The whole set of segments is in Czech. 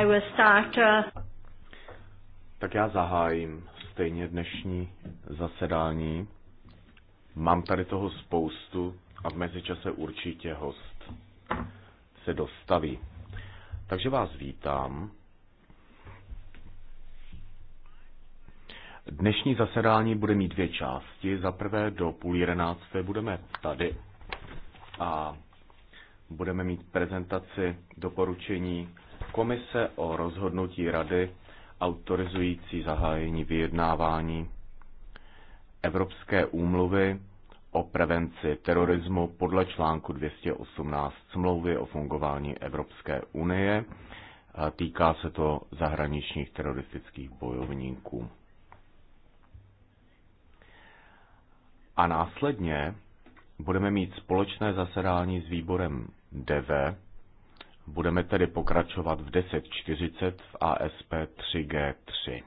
I will start, uh... Tak já zahájím stejně dnešní zasedání. Mám tady toho spoustu a v mezičase určitě host se dostaví. Takže vás vítám. Dnešní zasedání bude mít dvě části. Za prvé do půl jedenácté budeme tady a budeme mít prezentaci doporučení komise o rozhodnutí rady autorizující zahájení vyjednávání Evropské úmluvy o prevenci terorismu podle článku 218 smlouvy o fungování Evropské unie. Týká se to zahraničních teroristických bojovníků. A následně budeme mít společné zasedání s výborem DV Budeme tedy pokračovat v 10.40 v ASP 3G3.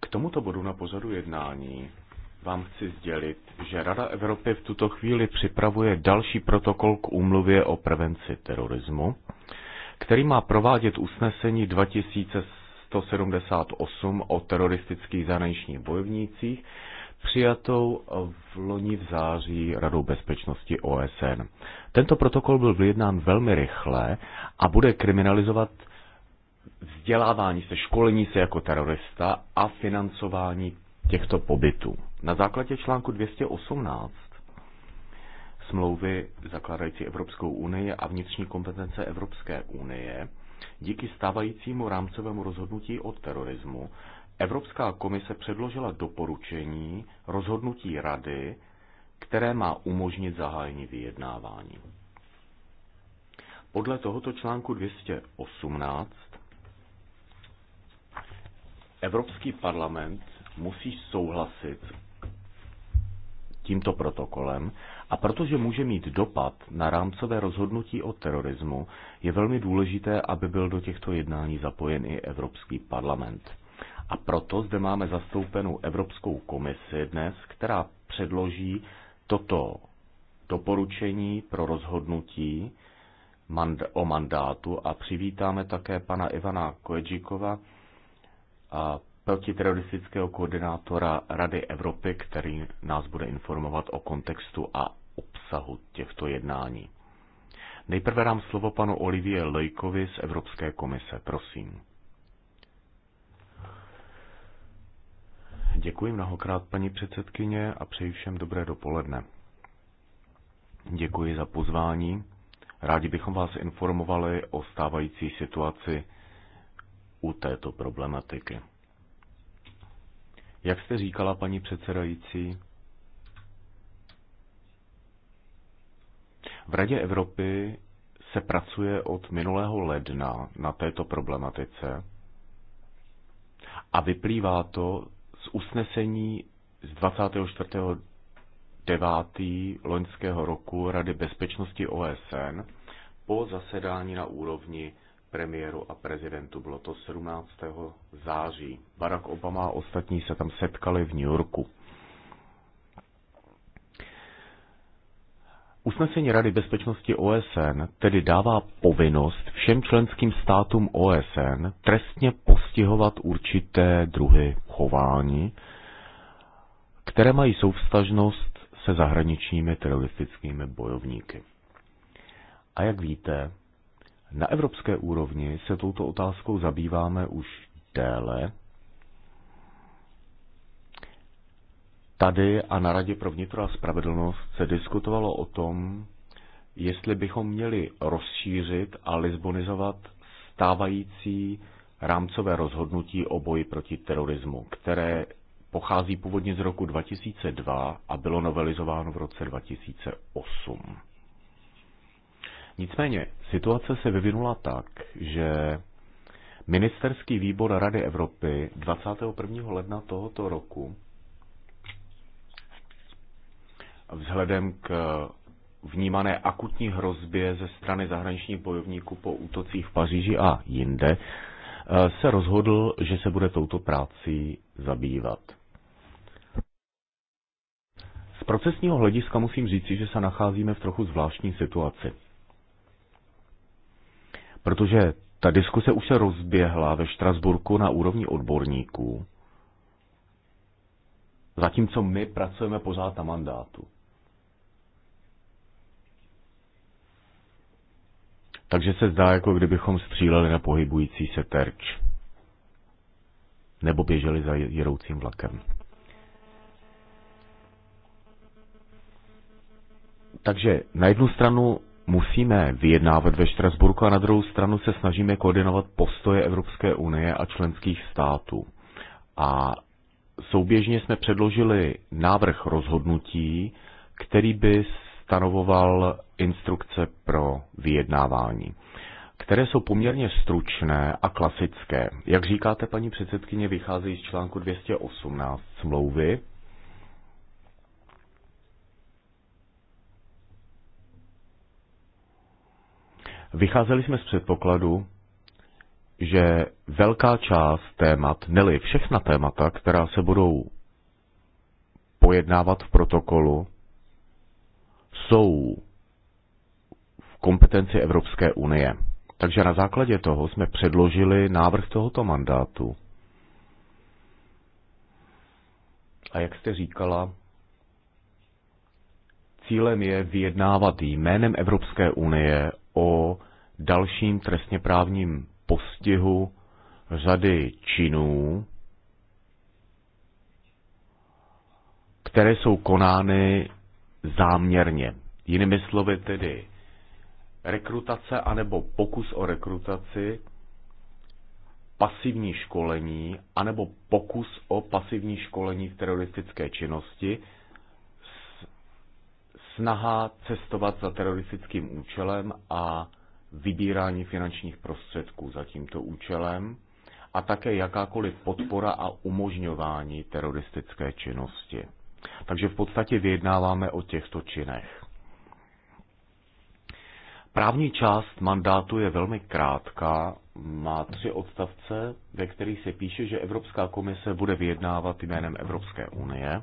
K tomuto bodu na pořadu jednání vám chci sdělit, že Rada Evropy v tuto chvíli připravuje další protokol k úmluvě o prevenci terorismu, který má provádět usnesení 2178 o teroristických zahraničních bojovnících, přijatou v loni v září Radou bezpečnosti OSN. Tento protokol byl vyjednán velmi rychle a bude kriminalizovat vzdělávání se, školení se jako terorista a financování těchto pobytů. Na základě článku 218 smlouvy zakládající Evropskou unii a vnitřní kompetence Evropské unie díky stávajícímu rámcovému rozhodnutí o terorismu Evropská komise předložila doporučení rozhodnutí rady, které má umožnit zahájení vyjednávání. Podle tohoto článku 218 Evropský parlament musí souhlasit tímto protokolem a protože může mít dopad na rámcové rozhodnutí o terorismu, je velmi důležité, aby byl do těchto jednání zapojen i Evropský parlament. A proto zde máme zastoupenou Evropskou komisi dnes, která předloží toto doporučení pro rozhodnutí o mandátu a přivítáme také pana Ivana Koedžikova, protiteroristického koordinátora Rady Evropy, který nás bude informovat o kontextu a obsahu těchto jednání. Nejprve dám slovo panu Olivie Lejkovi z Evropské komise, prosím. Děkuji mnohokrát, paní předsedkyně, a přeji všem dobré dopoledne. Děkuji za pozvání. Rádi bychom vás informovali o stávající situaci u této problematiky. Jak jste říkala, paní předsedající, v Radě Evropy se pracuje od minulého ledna na této problematice a vyplývá to z usnesení z 24.9. loňského roku Rady bezpečnosti OSN po zasedání na úrovni premiéru a prezidentu. Bylo to 17. září. Barack Obama a ostatní se tam setkali v New Yorku. Usnesení Rady bezpečnosti OSN tedy dává povinnost všem členským státům OSN trestně postihovat určité druhy chování, které mají souvstažnost se zahraničními teroristickými bojovníky. A jak víte, na evropské úrovni se touto otázkou zabýváme už déle Tady a na Radě pro vnitro a spravedlnost se diskutovalo o tom, jestli bychom měli rozšířit a lisbonizovat stávající rámcové rozhodnutí o boji proti terorismu, které pochází původně z roku 2002 a bylo novelizováno v roce 2008. Nicméně situace se vyvinula tak, že ministerský výbor Rady Evropy 21. ledna tohoto roku vzhledem k vnímané akutní hrozbě ze strany zahraničních bojovníků po útocích v Paříži a jinde, eh, se rozhodl, že se bude touto práci zabývat. Z procesního hlediska musím říci, že se nacházíme v trochu zvláštní situaci. Protože ta diskuse už se rozběhla ve Štrasburku na úrovni odborníků, zatímco my pracujeme pořád na mandátu. takže se zdá, jako kdybychom stříleli na pohybující se terč. Nebo běželi za jedoucím vlakem. Takže na jednu stranu musíme vyjednávat ve Štrasburku a na druhou stranu se snažíme koordinovat postoje Evropské unie a členských států. A souběžně jsme předložili návrh rozhodnutí, který by stanovoval instrukce pro vyjednávání, které jsou poměrně stručné a klasické. Jak říkáte, paní předsedkyně, vychází z článku 218 smlouvy. Vycházeli jsme z předpokladu, že velká část témat, neli všechna témata, která se budou pojednávat v protokolu, jsou v kompetenci Evropské unie. Takže na základě toho jsme předložili návrh tohoto mandátu. A jak jste říkala, cílem je vyjednávat jménem Evropské unie o dalším trestně právním postihu řady činů, které jsou konány záměrně. Jinými slovy tedy rekrutace anebo pokus o rekrutaci, pasivní školení anebo pokus o pasivní školení v teroristické činnosti, snaha cestovat za teroristickým účelem a vybírání finančních prostředků za tímto účelem a také jakákoliv podpora a umožňování teroristické činnosti. Takže v podstatě vyjednáváme o těchto činech. Právní část mandátu je velmi krátká, má tři odstavce, ve kterých se píše, že Evropská komise bude vyjednávat jménem Evropské unie.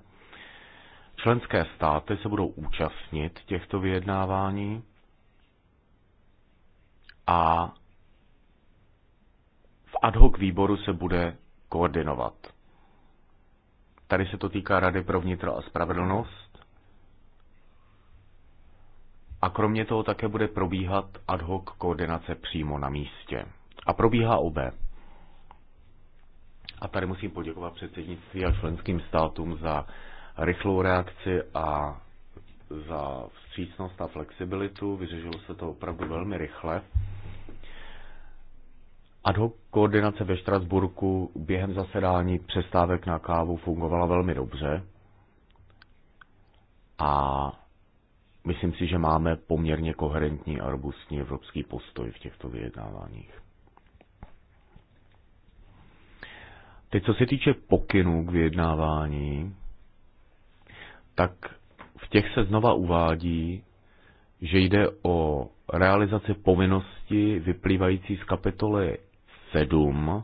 Členské státy se budou účastnit těchto vyjednávání a v ad hoc výboru se bude koordinovat. Tady se to týká Rady pro vnitro a spravedlnost. A kromě toho také bude probíhat ad hoc koordinace přímo na místě. A probíhá obé. A tady musím poděkovat předsednictví a členským státům za rychlou reakci a za vstřícnost a flexibilitu. Vyřešilo se to opravdu velmi rychle. Ad hoc koordinace ve Štrasburku během zasedání přestávek na kávu fungovala velmi dobře a myslím si, že máme poměrně koherentní a robustní evropský postoj v těchto vyjednáváních. Teď, co se týče pokynů k vyjednávání, tak v těch se znova uvádí, že jde o realizaci povinnosti vyplývající z kapitoly sedm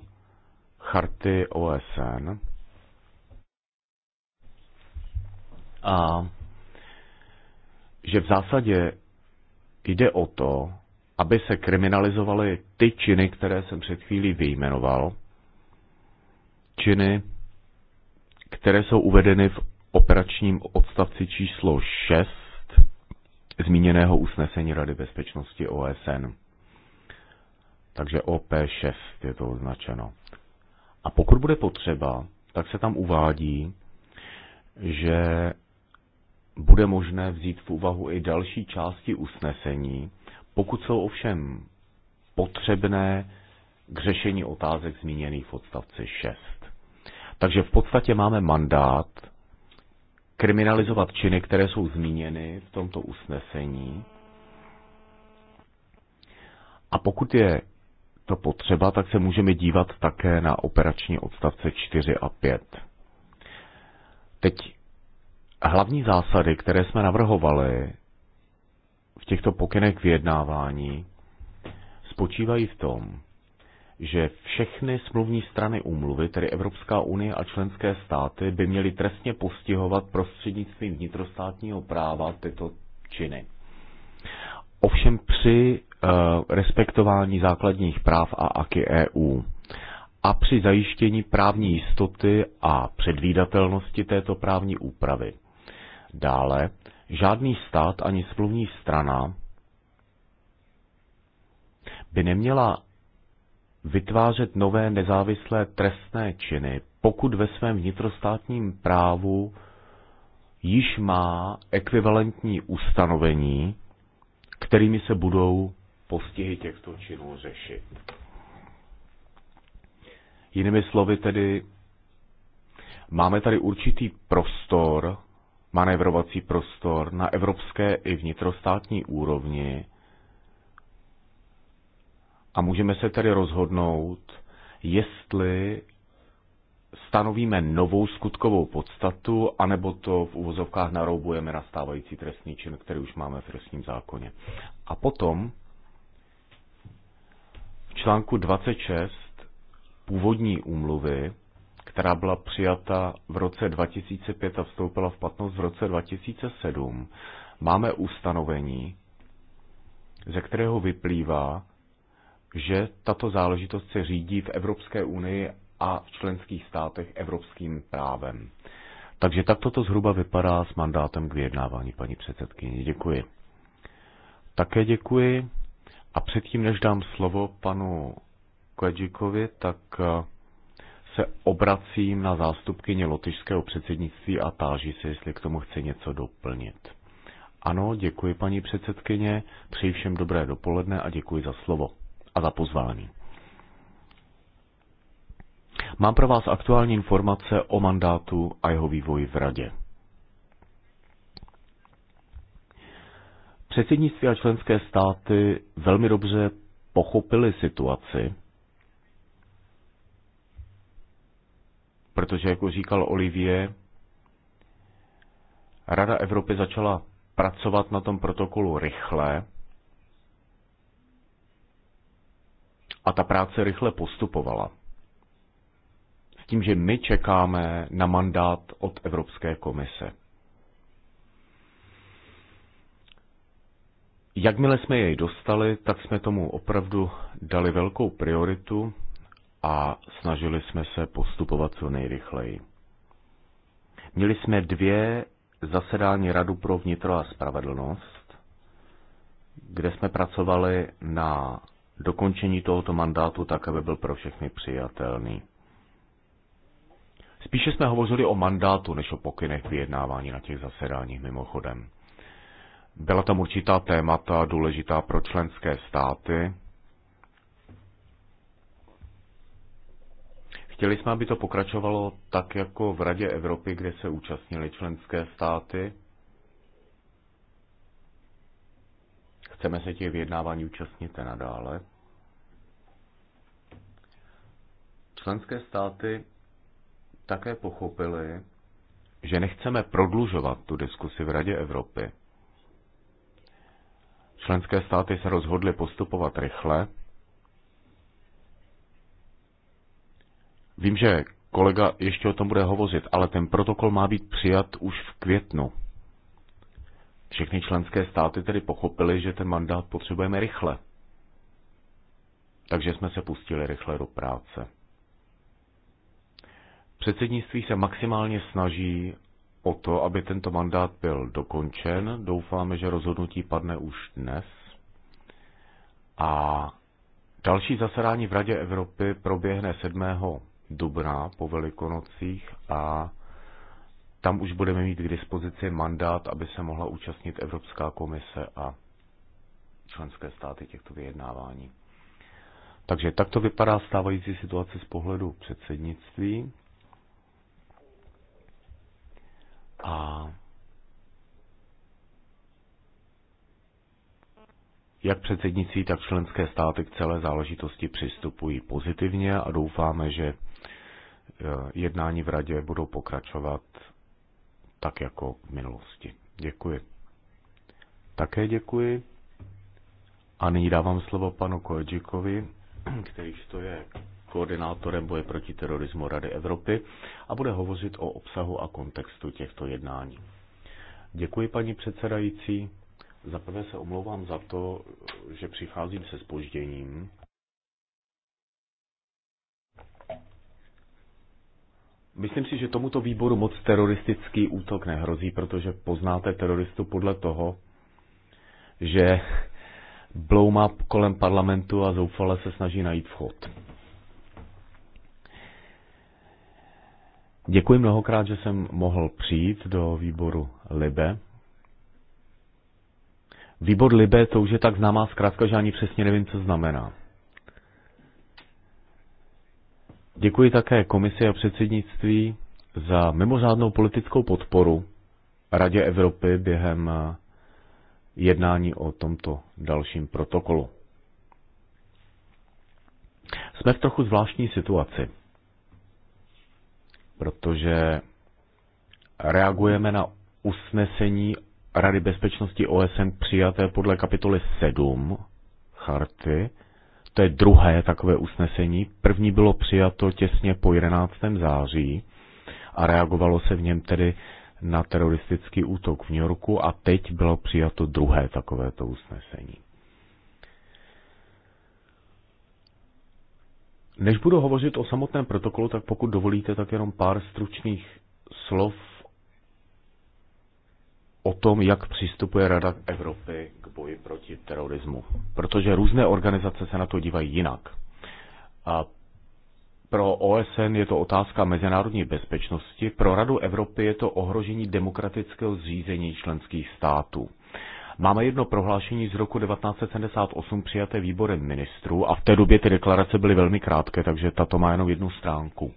charty OSN a že v zásadě jde o to, aby se kriminalizovaly ty činy, které jsem před chvílí vyjmenoval, činy, které jsou uvedeny v operačním odstavci číslo 6 zmíněného usnesení Rady bezpečnosti OSN takže OP6 je to označeno. A pokud bude potřeba, tak se tam uvádí, že bude možné vzít v úvahu i další části usnesení, pokud jsou ovšem potřebné k řešení otázek zmíněných v odstavci 6. Takže v podstatě máme mandát kriminalizovat činy, které jsou zmíněny v tomto usnesení. A pokud je to potřeba, tak se můžeme dívat také na operační odstavce 4 a 5. Teď hlavní zásady, které jsme navrhovali v těchto pokynech k vyjednávání, spočívají v tom, že všechny smluvní strany úmluvy, tedy Evropská unie a členské státy, by měly trestně postihovat prostřednictvím vnitrostátního práva tyto činy. Ovšem při Eh, respektování základních práv a aky EU a při zajištění právní jistoty a předvídatelnosti této právní úpravy. Dále, žádný stát ani smluvní strana by neměla vytvářet nové nezávislé trestné činy, pokud ve svém vnitrostátním právu již má ekvivalentní ustanovení, kterými se budou postihy těchto činů řešit. Jinými slovy tedy, máme tady určitý prostor, manévrovací prostor na evropské i vnitrostátní úrovni a můžeme se tedy rozhodnout, jestli stanovíme novou skutkovou podstatu, anebo to v uvozovkách naroubujeme na stávající trestný čin, který už máme v trestním zákoně. A potom článku 26 původní úmluvy, která byla přijata v roce 2005 a vstoupila v platnost v roce 2007, máme ustanovení, ze kterého vyplývá, že tato záležitost se řídí v Evropské unii a v členských státech evropským právem. Takže takto to zhruba vypadá s mandátem k vyjednávání, paní předsedkyně. Děkuji. Také děkuji. A předtím, než dám slovo panu Kledžikovi, tak eh, se obracím na zástupkyně lotyšského předsednictví a táží se, jestli k tomu chce něco doplnit. Ano, děkuji paní předsedkyně, přeji všem dobré dopoledne a děkuji za slovo a za pozvání. Mám pro vás aktuální informace o mandátu a jeho vývoji v Radě. Předsednictví a členské státy velmi dobře pochopili situaci, protože, jako říkal Olivier, Rada Evropy začala pracovat na tom protokolu rychle a ta práce rychle postupovala. S tím, že my čekáme na mandát od Evropské komise. Jakmile jsme jej dostali, tak jsme tomu opravdu dali velkou prioritu a snažili jsme se postupovat co nejrychleji. Měli jsme dvě zasedání Radu pro vnitro a spravedlnost, kde jsme pracovali na dokončení tohoto mandátu tak, aby byl pro všechny přijatelný. Spíše jsme hovořili o mandátu, než o pokynech vyjednávání na těch zasedáních mimochodem. Byla tam určitá témata důležitá pro členské státy. Chtěli jsme, aby to pokračovalo tak jako v Radě Evropy, kde se účastnili členské státy. Chceme se těch vyjednávání účastnit nadále. Členské státy také pochopili, že nechceme prodlužovat tu diskusi v Radě Evropy. Členské státy se rozhodly postupovat rychle. Vím, že kolega ještě o tom bude hovořit, ale ten protokol má být přijat už v květnu. Všechny členské státy tedy pochopily, že ten mandát potřebujeme rychle. Takže jsme se pustili rychle do práce. Předsednictví se maximálně snaží o to, aby tento mandát byl dokončen. Doufáme, že rozhodnutí padne už dnes. A další zasedání v Radě Evropy proběhne 7. dubna po Velikonocích a tam už budeme mít k dispozici mandát, aby se mohla účastnit Evropská komise a členské státy těchto vyjednávání. Takže takto vypadá stávající situace z pohledu předsednictví. A jak předsednictví, tak členské státy k celé záležitosti přistupují pozitivně a doufáme, že e, jednání v radě budou pokračovat tak jako v minulosti. Děkuji. Také děkuji. A nyní dávám slovo panu Koedžikovi, kterýž to je koordinátorem boje proti terorismu Rady Evropy a bude hovořit o obsahu a kontextu těchto jednání. Děkuji, paní předsedající. Za prvé se omlouvám za to, že přicházím se spožděním. Myslím si, že tomuto výboru moc teroristický útok nehrozí, protože poznáte teroristu podle toho, že bloumá kolem parlamentu a zoufale se snaží najít vchod. Děkuji mnohokrát, že jsem mohl přijít do výboru Libe. Výbor Libe to už je tak známá zkrátka, že ani přesně nevím, co znamená. Děkuji také komisi a předsednictví za mimořádnou politickou podporu Radě Evropy během eh, jednání o tomto dalším protokolu. Jsme v trochu zvláštní situaci protože reagujeme na usnesení Rady bezpečnosti OSN přijaté podle kapitoly 7 charty. To je druhé takové usnesení. První bylo přijato těsně po 11. září a reagovalo se v něm tedy na teroristický útok v New Yorku a teď bylo přijato druhé takovéto usnesení. Než budu hovořit o samotném protokolu, tak pokud dovolíte, tak jenom pár stručných slov o tom, jak přistupuje Rada Evropy k boji proti terorismu. Protože různé organizace se na to dívají jinak. A pro OSN je to otázka mezinárodní bezpečnosti, pro Radu Evropy je to ohrožení demokratického zřízení členských států. Máme jedno prohlášení z roku 1978 přijaté výborem ministrů a v té době ty deklarace byly velmi krátké, takže tato má jenom jednu stránku.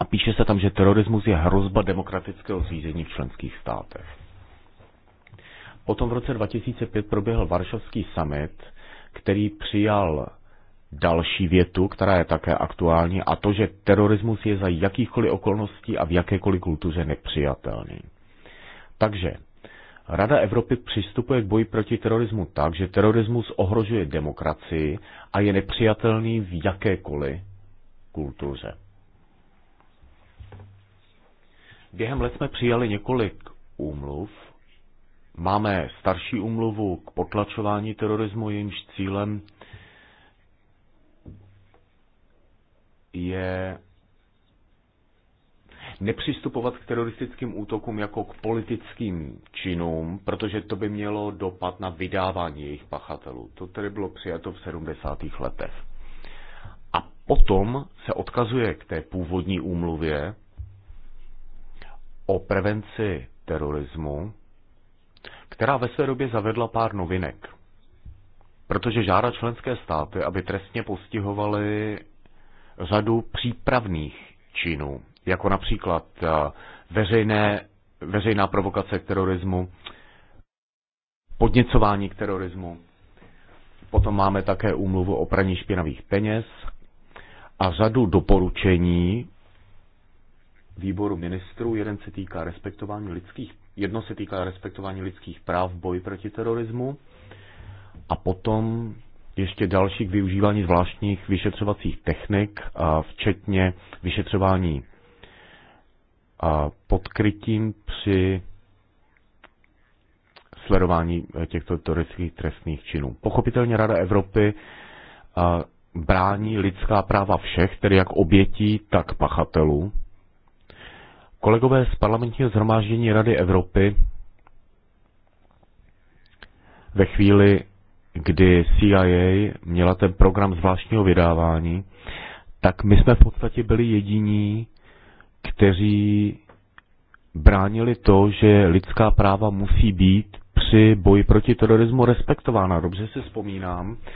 A píše se tam, že terorismus je hrozba demokratického zřízení v členských státech. Potom v roce 2005 proběhl Varšavský summit, který přijal další větu, která je také aktuální, a to, že terorismus je za jakýchkoliv okolností a v jakékoliv kultuře nepřijatelný. Takže Rada Evropy přistupuje k boji proti terorismu tak, že terorismus ohrožuje demokracii a je nepřijatelný v jakékoliv kultuře. Během let jsme přijali několik úmluv. Máme starší úmluvu k potlačování terorismu, jejímž cílem je nepřistupovat k teroristickým útokům jako k politickým činům, protože to by mělo dopad na vydávání jejich pachatelů. To tedy bylo přijato v 70. letech. A potom se odkazuje k té původní úmluvě o prevenci terorismu, která ve své době zavedla pár novinek. Protože žádá členské státy, aby trestně postihovaly řadu přípravných činů jako například eh, veřejné, veřejná provokace k terorismu, podněcování k terorismu. Potom máme také úmluvu o praní špinavých peněz a řadu doporučení výboru ministrů. Jeden se týká respektování lidských, jedno se týká respektování lidských práv v boji proti terorismu a potom ještě další k využívání zvláštních vyšetřovacích technik, včetně vyšetřování krytím při sledování eh, těchto teoretických trestných činů. Pochopitelně Rada Evropy eh, brání lidská práva všech, tedy jak obětí, tak pachatelů. Kolegové z parlamentního zhromáždění Rady Evropy ve chvíli, kdy CIA měla ten program zvláštního vydávání, tak my jsme v podstatě byli jediní, kteří bránili to, že lidská práva musí být při boji proti terorismu respektována. Dobře si vzpomínám eh,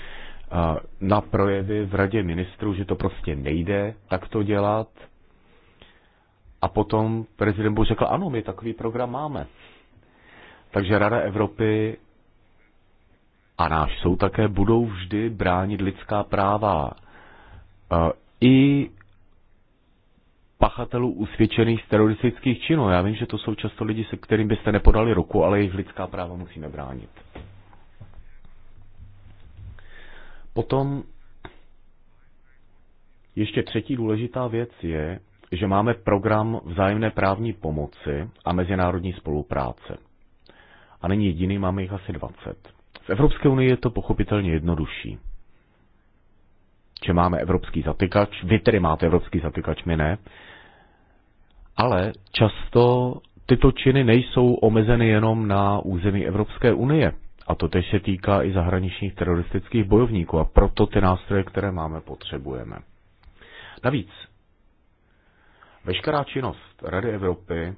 na projevy v radě ministrů, že to prostě nejde tak to dělat. A potom prezident Bush řekl, ano, my takový program máme. Takže Rada Evropy a náš jsou také budou vždy bránit lidská práva eh, i pachatelů usvědčených z teroristických činů. Já vím, že to jsou často lidi, se kterým byste nepodali ruku, ale jejich lidská práva musíme bránit. Potom ještě třetí důležitá věc je, že máme program vzájemné právní pomoci a mezinárodní spolupráce. A není jediný, máme jich asi 20. V Evropské unii je to pochopitelně jednodušší. Že máme evropský zatykač, vy tedy máte evropský zatykač, my ne ale často tyto činy nejsou omezeny jenom na území Evropské unie. A to tež se týká i zahraničních teroristických bojovníků a proto ty nástroje, které máme, potřebujeme. Navíc, veškerá činnost Rady Evropy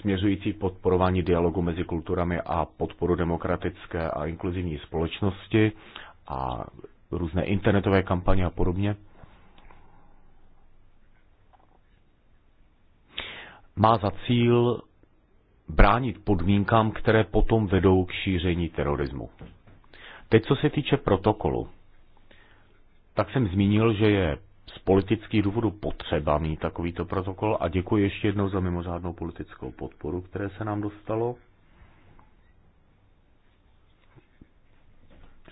směřující podporování dialogu mezi kulturami a podporu demokratické a inkluzivní společnosti a různé internetové kampaně a podobně, má za cíl bránit podmínkám, které potom vedou k šíření terorismu. Teď, co se týče protokolu, tak jsem zmínil, že je z politických důvodů potřeba mít takovýto protokol a děkuji ještě jednou za mimořádnou politickou podporu, které se nám dostalo.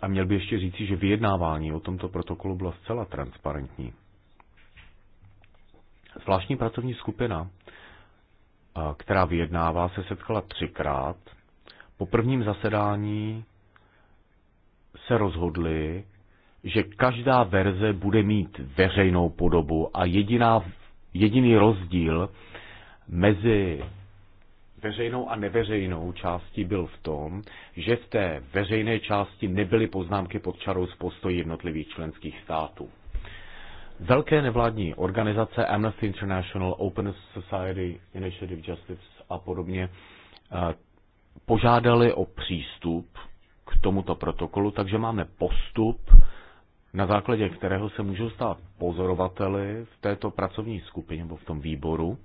A měl by ještě říci, že vyjednávání o tomto protokolu bylo zcela transparentní. Zvláštní pracovní skupina která vyjednává, se setkala třikrát. Po prvním zasedání se rozhodli, že každá verze bude mít veřejnou podobu a jediná, jediný rozdíl mezi veřejnou a neveřejnou částí byl v tom, že v té veřejné části nebyly poznámky pod čarou z postoji jednotlivých členských států. Velké nevládní organizace Amnesty International, Open Society, Initiative Justice a podobně eh, požádali o přístup k tomuto protokolu, takže máme postup, na základě kterého se můžou stát pozorovateli v této pracovní skupině nebo v tom výboru.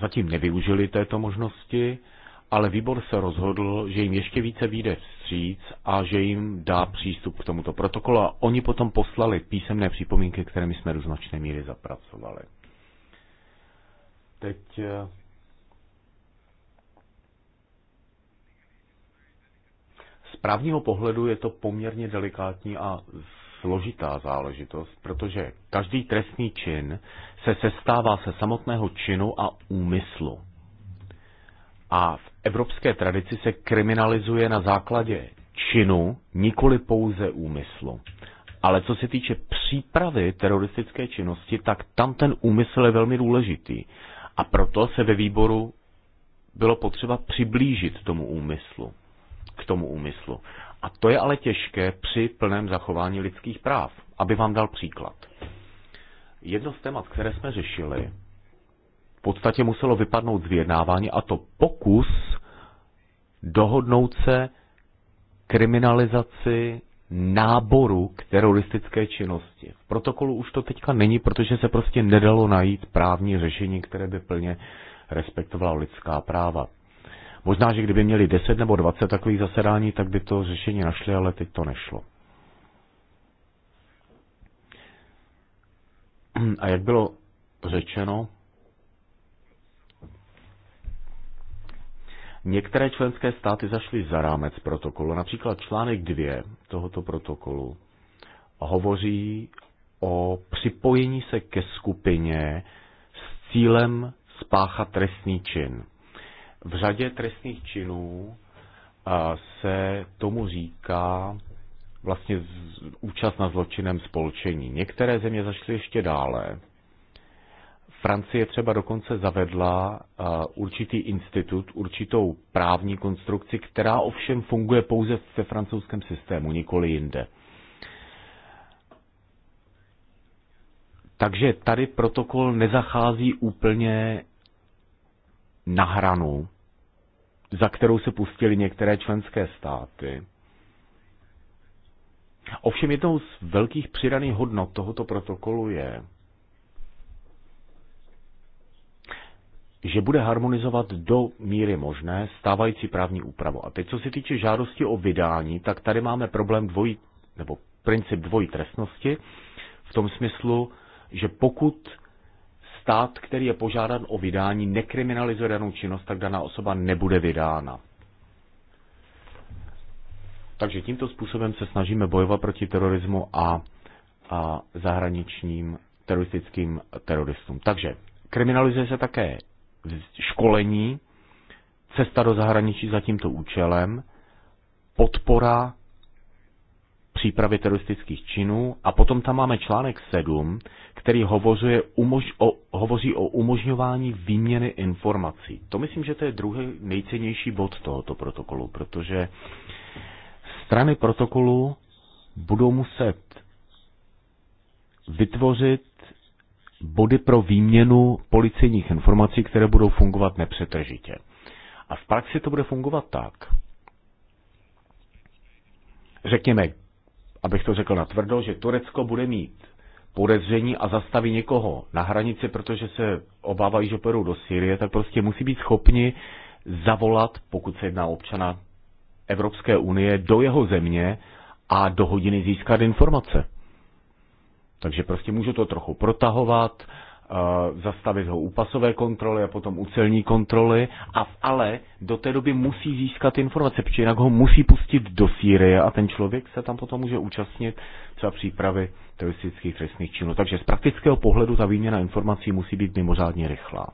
Zatím nevyužili této možnosti, ale výbor se rozhodl, že jim ještě více vyjde vstříc a že jim dá přístup k tomuto protokolu a oni potom poslali písemné připomínky, které my jsme do značné míry zapracovali. Teď eh, z právního pohledu je to poměrně delikátní a složitá záležitost, protože každý trestný čin se sestává se samotného činu a úmyslu. A v evropské tradici se kriminalizuje na základě činu, nikoli pouze úmyslu. Ale co se týče přípravy teroristické činnosti, tak tam ten úmysl je velmi důležitý. A proto se ve výboru bylo potřeba přiblížit tomu úmyslu. K tomu úmyslu. A to je ale těžké při plném zachování lidských práv. Aby vám dal příklad. Jedno z témat, které jsme řešili, v podstatě muselo vypadnout z vyjednávání a to pokus dohodnout se kriminalizaci náboru k teroristické činnosti. V protokolu už to teďka není, protože se prostě nedalo najít právní řešení, které by plně respektovalo lidská práva. Možná, že kdyby měli 10 nebo 20 takových zasedání, tak by to řešení našli, ale teď to nešlo. A jak bylo řečeno, Některé členské státy zašly za rámec protokolu. Například článek 2 tohoto protokolu hovoří o připojení se ke skupině s cílem spáchat trestný čin. V řadě trestných činů se tomu říká vlastně účast na zločinem spolčení. Některé země zašly ještě dále Francie třeba dokonce zavedla eh, určitý institut, určitou právní konstrukci, která ovšem funguje pouze ve francouzském systému, nikoli jinde. Takže tady protokol nezachází úplně na hranu, za kterou se pustili některé členské státy. Ovšem jednou z velkých přidaných hodnot tohoto protokolu je, že bude harmonizovat do míry možné stávající právní úpravu. A teď, co se týče žádosti o vydání, tak tady máme problém dvojí, nebo princip dvojí trestnosti, v tom smyslu, že pokud stát, který je požádán o vydání, nekriminalizuje danou činnost, tak daná osoba nebude vydána. Takže tímto způsobem se snažíme bojovat proti terorismu a, a zahraničním teroristickým teroristům. Takže kriminalizuje se také školení, cesta do zahraničí za tímto účelem, podpora přípravy teroristických činů a potom tam máme článek 7, který hovořuje umož, o, hovoří o umožňování výměny informací. To myslím, že to je druhý nejcennější bod tohoto protokolu, protože strany protokolu budou muset vytvořit body pro výměnu policejních informací, které budou fungovat nepřetržitě. A v praxi to bude fungovat tak. Řekněme, abych to řekl natvrdo, že Turecko bude mít podezření a zastaví někoho na hranici, protože se obávají, že půjdou do Syrie, tak prostě musí být schopni zavolat, pokud se jedná občana Evropské unie, do jeho země a do hodiny získat informace. Takže prostě můžu to trochu protahovat, eh, zastavit ho u pasové kontroly a potom u celní kontroly, a, ale do té doby musí získat informace, protože jinak ho musí pustit do Sýrie a ten člověk se tam potom může účastnit třeba přípravy teroristických trestných činů. Takže z praktického pohledu ta výměna informací musí být mimořádně rychlá.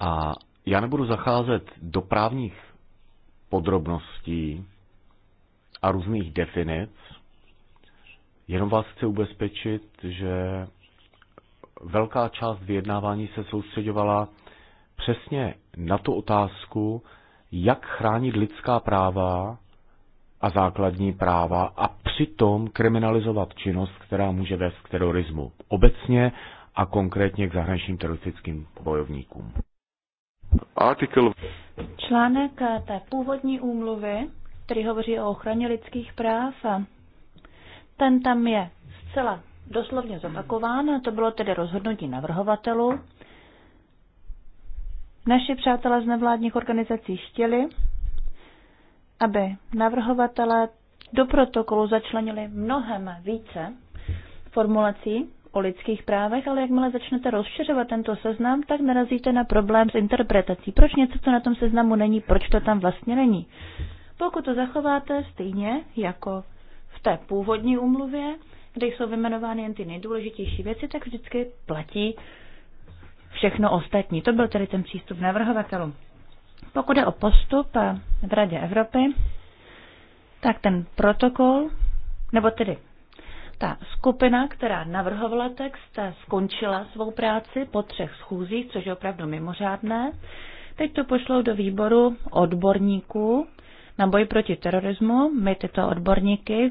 A já nebudu zacházet do právních podrobností a různých definic, Jenom vás chci ubezpečit, že velká část vyjednávání se soustředovala přesně na tu otázku, jak chránit lidská práva a základní práva a přitom kriminalizovat činnost, která může vést k terorismu obecně a konkrétně k zahraničním teroristickým bojovníkům. Artikel. Článek té původní úmluvy, který hovoří o ochraně lidských práv a ten tam je zcela doslovně zopakován, to bylo tedy rozhodnutí navrhovatelů. Naši přátelé z nevládních organizací chtěli, aby navrhovatelé do protokolu začlenili mnohem více formulací o lidských právech, ale jakmile začnete rozšiřovat tento seznam, tak narazíte na problém s interpretací. Proč něco, co na tom seznamu není, proč to tam vlastně není? Pokud to zachováte stejně jako té původní umluvě, kde jsou vymenovány jen ty nejdůležitější věci, tak vždycky platí všechno ostatní. To byl tedy ten přístup navrhovatelů. Pokud je o postup eh, v Radě Evropy, tak ten protokol, nebo tedy ta skupina, která navrhovala text, eh, skončila svou práci po třech schůzích, což je opravdu mimořádné. Teď to pošlou do výboru odborníků, na boj proti terorismu. My tyto odborníky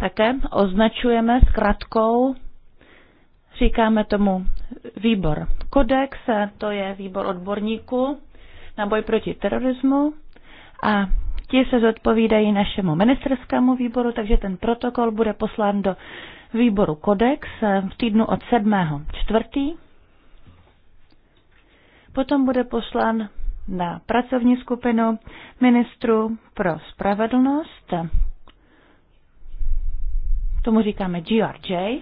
také označujeme zkratkou, říkáme tomu výbor kodex, to je výbor odborníků na boj proti terorismu a ti se zodpovídají našemu ministerskému výboru, takže ten protokol bude poslán do výboru Kodex v týdnu od 7. čtvrtý. Potom bude poslán na pracovní skupinu ministru pro spravedlnost. Tomu říkáme GRJ.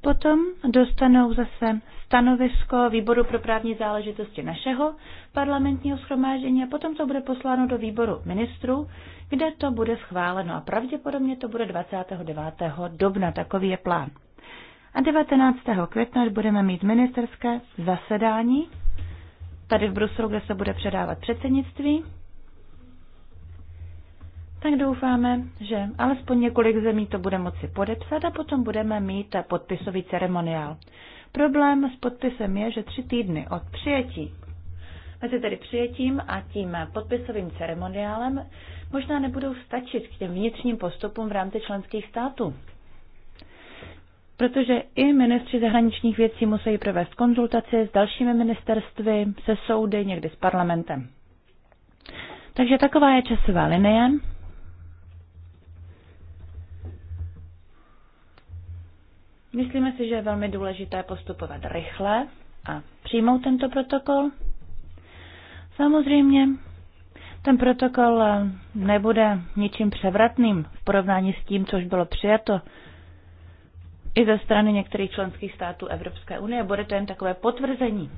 Potom dostanou zase stanovisko výboru pro právní záležitosti našeho parlamentního schromáždění a potom to bude posláno do výboru ministrů, kde to bude schváleno a pravděpodobně to bude 29. dubna. Takový je plán. A 19. května budeme mít ministerské zasedání tady v Bruselu, kde se bude předávat předsednictví. Tak doufáme, že alespoň několik zemí to bude moci podepsat a potom budeme mít podpisový ceremoniál. Problém s podpisem je, že tři týdny od přijetí, mezi tedy přijetím a tím podpisovým ceremoniálem, možná nebudou stačit k těm vnitřním postupům v rámci členských států protože i ministři zahraničních věcí musí provést konzultaci s dalšími ministerstvy, se soudy, někdy s parlamentem. Takže taková je časová linie. Myslíme si, že je velmi důležité postupovat rychle a přijmout tento protokol. Samozřejmě ten protokol nebude ničím převratným v porovnání s tím, což bylo přijato i ze strany některých členských států Evropské unie. Bude to jen takové potvrzení.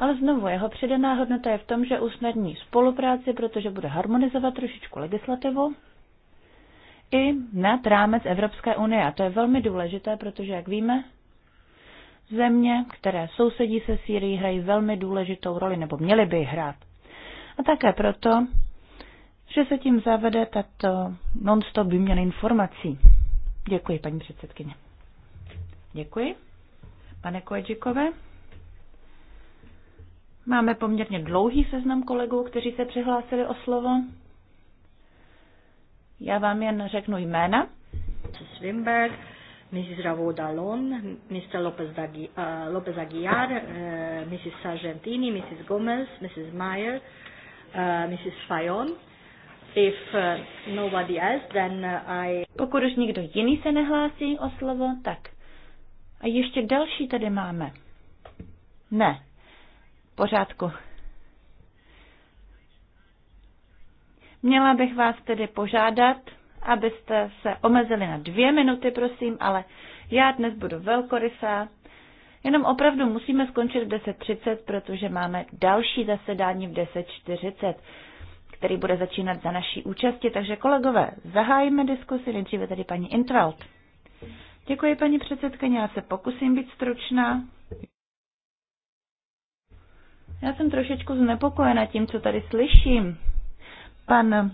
Ale znovu, jeho přidaná hodnota je v tom, že usnadní spolupráci, protože bude harmonizovat trošičku legislativu i nad rámec Evropské unie. A to je velmi důležité, protože, jak víme, země, které sousedí se Sýrií, hrají velmi důležitou roli, nebo měly by hrát. A také proto, že se tím zavede tato non-stop výměna informací. Děkuji, paní předsedkyně. Děkuji. Pane Koedžikové, máme poměrně dlouhý seznam kolegů, kteří se přihlásili o slovo. Já vám jen řeknu jména. Svimberg, Mrs. Ravo Dallon, Mr. Lopez, Dagi, uh, eh, Lopez Aguiar, uh, eh, Mrs. Sargentini, Mrs. Gomez, Mrs. Meyer, uh, eh, Mrs. Fayon, If uh, nobody else, then uh, I... Pokud už nikdo jiný se nehlásí o slovo, tak. A ještě další tady máme. Ne. Pořádku. Měla bych vás tedy požádat, abyste se omezili na dvě minuty, prosím, ale já dnes budu velkorysá. Jenom opravdu musíme skončit v 10.30, protože máme další zasedání v 10.40 který bude začínat za naší účasti. Takže kolegové, zahájíme diskusi, nejdříve tady paní Intveld. Děkuji, paní předsedkyně, já se pokusím být stručná. Já jsem trošičku znepokojena tím, co tady slyším. Pan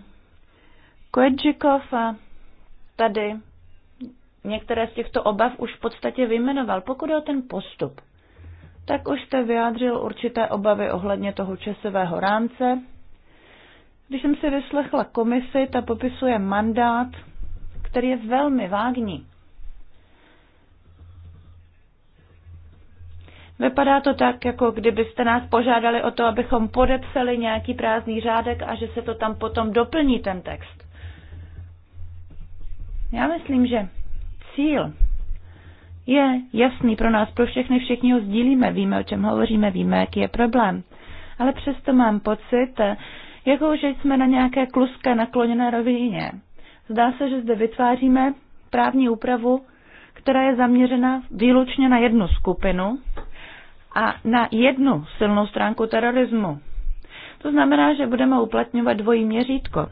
Koedžikov a tady některé z těchto obav už v podstatě vyjmenoval. Pokud je o ten postup, tak už jste vyjádřil určité obavy ohledně toho časového rámce, když jsem si vyslechla komisi, ta popisuje mandát, který je velmi vágní. Vypadá to tak, jako kdybyste nás požádali o to, abychom podepsali nějaký prázdný řádek a že se to tam potom doplní ten text. Já myslím, že cíl je jasný pro nás, pro všechny, všichni ho sdílíme, víme, o čem hovoříme, víme, jaký je problém. Ale přesto mám pocit, jako že jsme na nějaké kluské nakloněné rovině. Zdá se, že zde vytváříme právní úpravu, která je zaměřena výlučně na jednu skupinu a na jednu silnou stránku terorismu. To znamená, že budeme uplatňovat dvojí měřítko.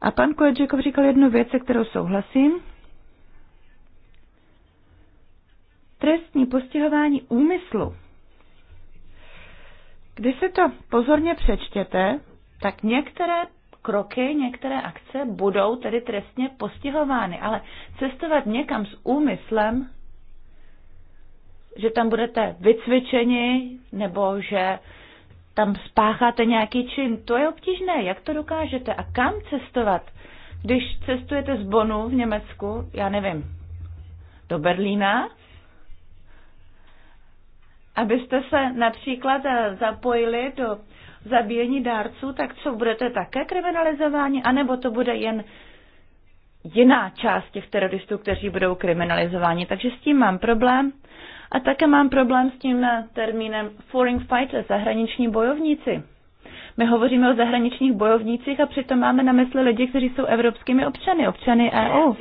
A pan Kojedžikov říkal jednu věc, se kterou souhlasím. Trestní postihování úmyslu. Když se to pozorně přečtěte, tak některé kroky, některé akce budou tedy trestně postihovány. Ale cestovat někam s úmyslem, že tam budete vycvičeni nebo že tam spácháte nějaký čin, to je obtížné. Jak to dokážete a kam cestovat? Když cestujete z Bonu v Německu, já nevím, do Berlína, abyste se například zapojili do zabíjení dárců, tak co, budete také kriminalizováni, anebo to bude jen jiná část těch teroristů, kteří budou kriminalizováni. Takže s tím mám problém. A také mám problém s tím termínem foreign fighters, zahraniční bojovníci. My hovoříme o zahraničních bojovnících a přitom máme na mysli lidi, kteří jsou evropskými občany, občany EU.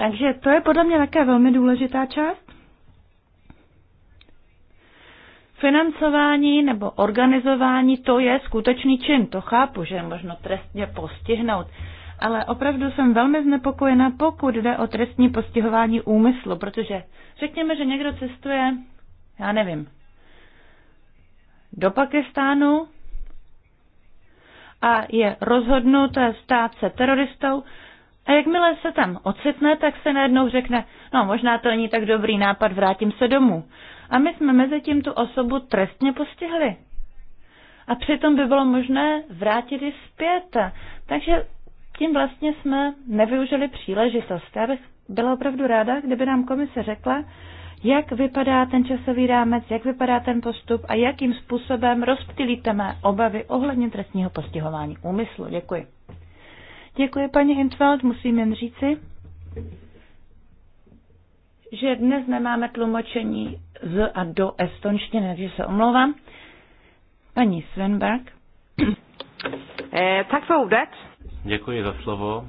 Takže to je podle mě také velmi důležitá část. Financování nebo organizování to je skutečný čin, to chápu, že je možno trestně postihnout, ale opravdu jsem velmi znepokojena, pokud jde o trestní postihování úmyslu, protože řekněme, že někdo cestuje, já nevím, do Pakistánu a je rozhodnut stát se teroristou, a jakmile se tam ocitne, tak se najednou řekne, no možná to není tak dobrý nápad, vrátím se domů. A my jsme mezi tím tu osobu trestně postihli. A přitom by bylo možné vrátit ji zpět. Takže tím vlastně jsme nevyužili příležitost. Já bych byla opravdu ráda, kdyby nám komise řekla, jak vypadá ten časový rámec, jak vypadá ten postup a jakým způsobem rozptýlíte mé obavy ohledně trestního postihování úmyslu. Děkuji. Děkuji, paní Hintfeld. Musím jen říci, že dnes nemáme tlumočení z a do estonštiny, takže se omlouvám. Paní Svenberg. Eh, tak to ordet. Děkuji za slovo.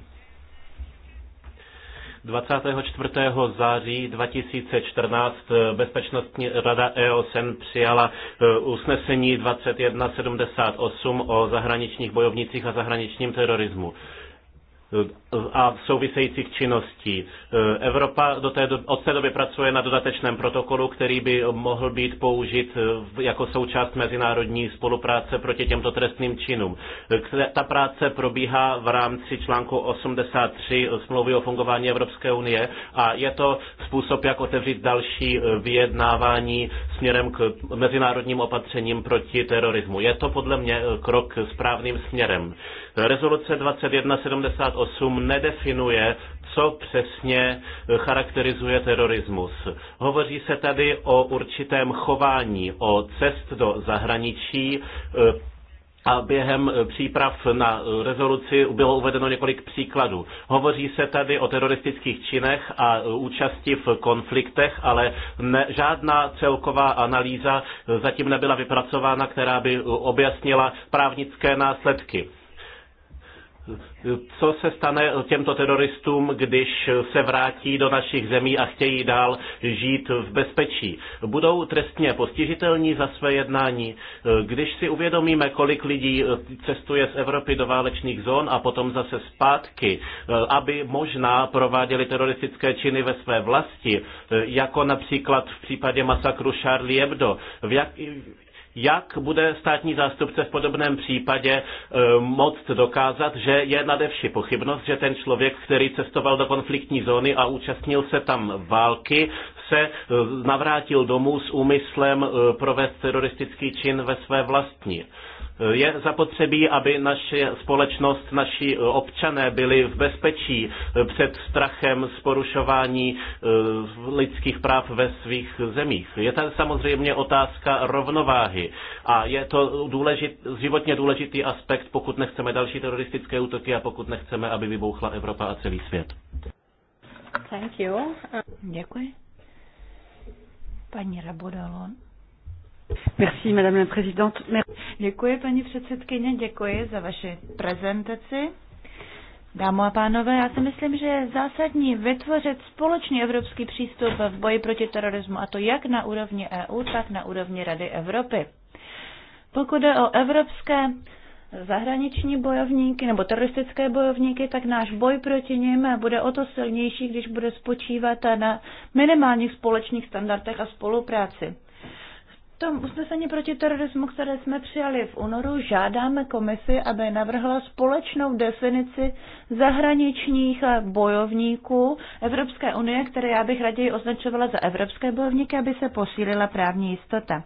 24. září 2014 eh, Bezpečnostní rada EOSN přijala eh, usnesení 2178 o zahraničních bojovnicích a zahraničním terorismu a souvisejících činností. Eh, Evropa do té do, od té doby pracuje na dodatečném protokolu, který by mohl být použit eh, jako součást mezinárodní spolupráce proti těmto trestným činům. Eh, ta práce probíhá v rámci článku 83 smlouvy o fungování Evropské unie a je to způsob, jak otevřít další vyjednávání směrem k mezinárodním opatřením proti terorismu. Je to podle mě krok správným směrem. Rezoluce 2178 nedefinuje, co přesně charakterizuje terorismus. Hovoří se tady o určitém chování, o cest do zahraničí, eh, a během příprav na rezoluci bylo uvedeno několik příkladů. Hovoří se tady o teroristických činech a účasti v konfliktech, ale ne, žádná celková analýza zatím nebyla vypracována, která by objasnila právnické následky co se stane těmto teroristům, když se vrátí do našich zemí a chtějí dál žít v bezpečí. Budou trestně postižitelní za své jednání. Když si uvědomíme, kolik lidí cestuje z Evropy do válečných zón a potom zase zpátky, aby možná prováděli teroristické činy ve své vlasti, jako například v případě masakru Charlie Hebdo, v jak, jak bude státní zástupce v podobném případě eh, moct dokázat, že je nadevši pochybnost, že ten člověk, který cestoval do konfliktní zóny a účastnil se tam války, se eh, navrátil domů s úmyslem eh, provést teroristický čin ve své vlastní je zapotřebí, aby naše společnost, naši občané byli v bezpečí před strachem z porušování eh, lidských práv ve svých zemích. Je tady samozřejmě otázka rovnováhy a je to důležit, životně důležitý aspekt, pokud nechceme další teroristické útoky a pokud nechceme, aby vybouchla Evropa a celý svět. Thank you. Děkuji. Paní Rabodalon. Merci, madame la présidente. Děkuji, paní předsedkyně, děkuji za vaši prezentaci. Dámo a pánové, já si myslím, že je zásadní vytvořit společný evropský přístup v boji proti terorismu, a to jak na úrovni EU, tak na úrovni Rady Evropy. Pokud jde o evropské zahraniční bojovníky nebo teroristické bojovníky, tak náš boj proti nim bude o to silnější, když bude spočívat na minimálních společných standardech a spolupráci tom usnesení proti terorismu, které jsme přijali v únoru, žádáme komisi, aby navrhla společnou definici zahraničních eh, bojovníků Evropské unie, které já bych raději označovala za evropské bojovníky, aby se posílila právní jistota.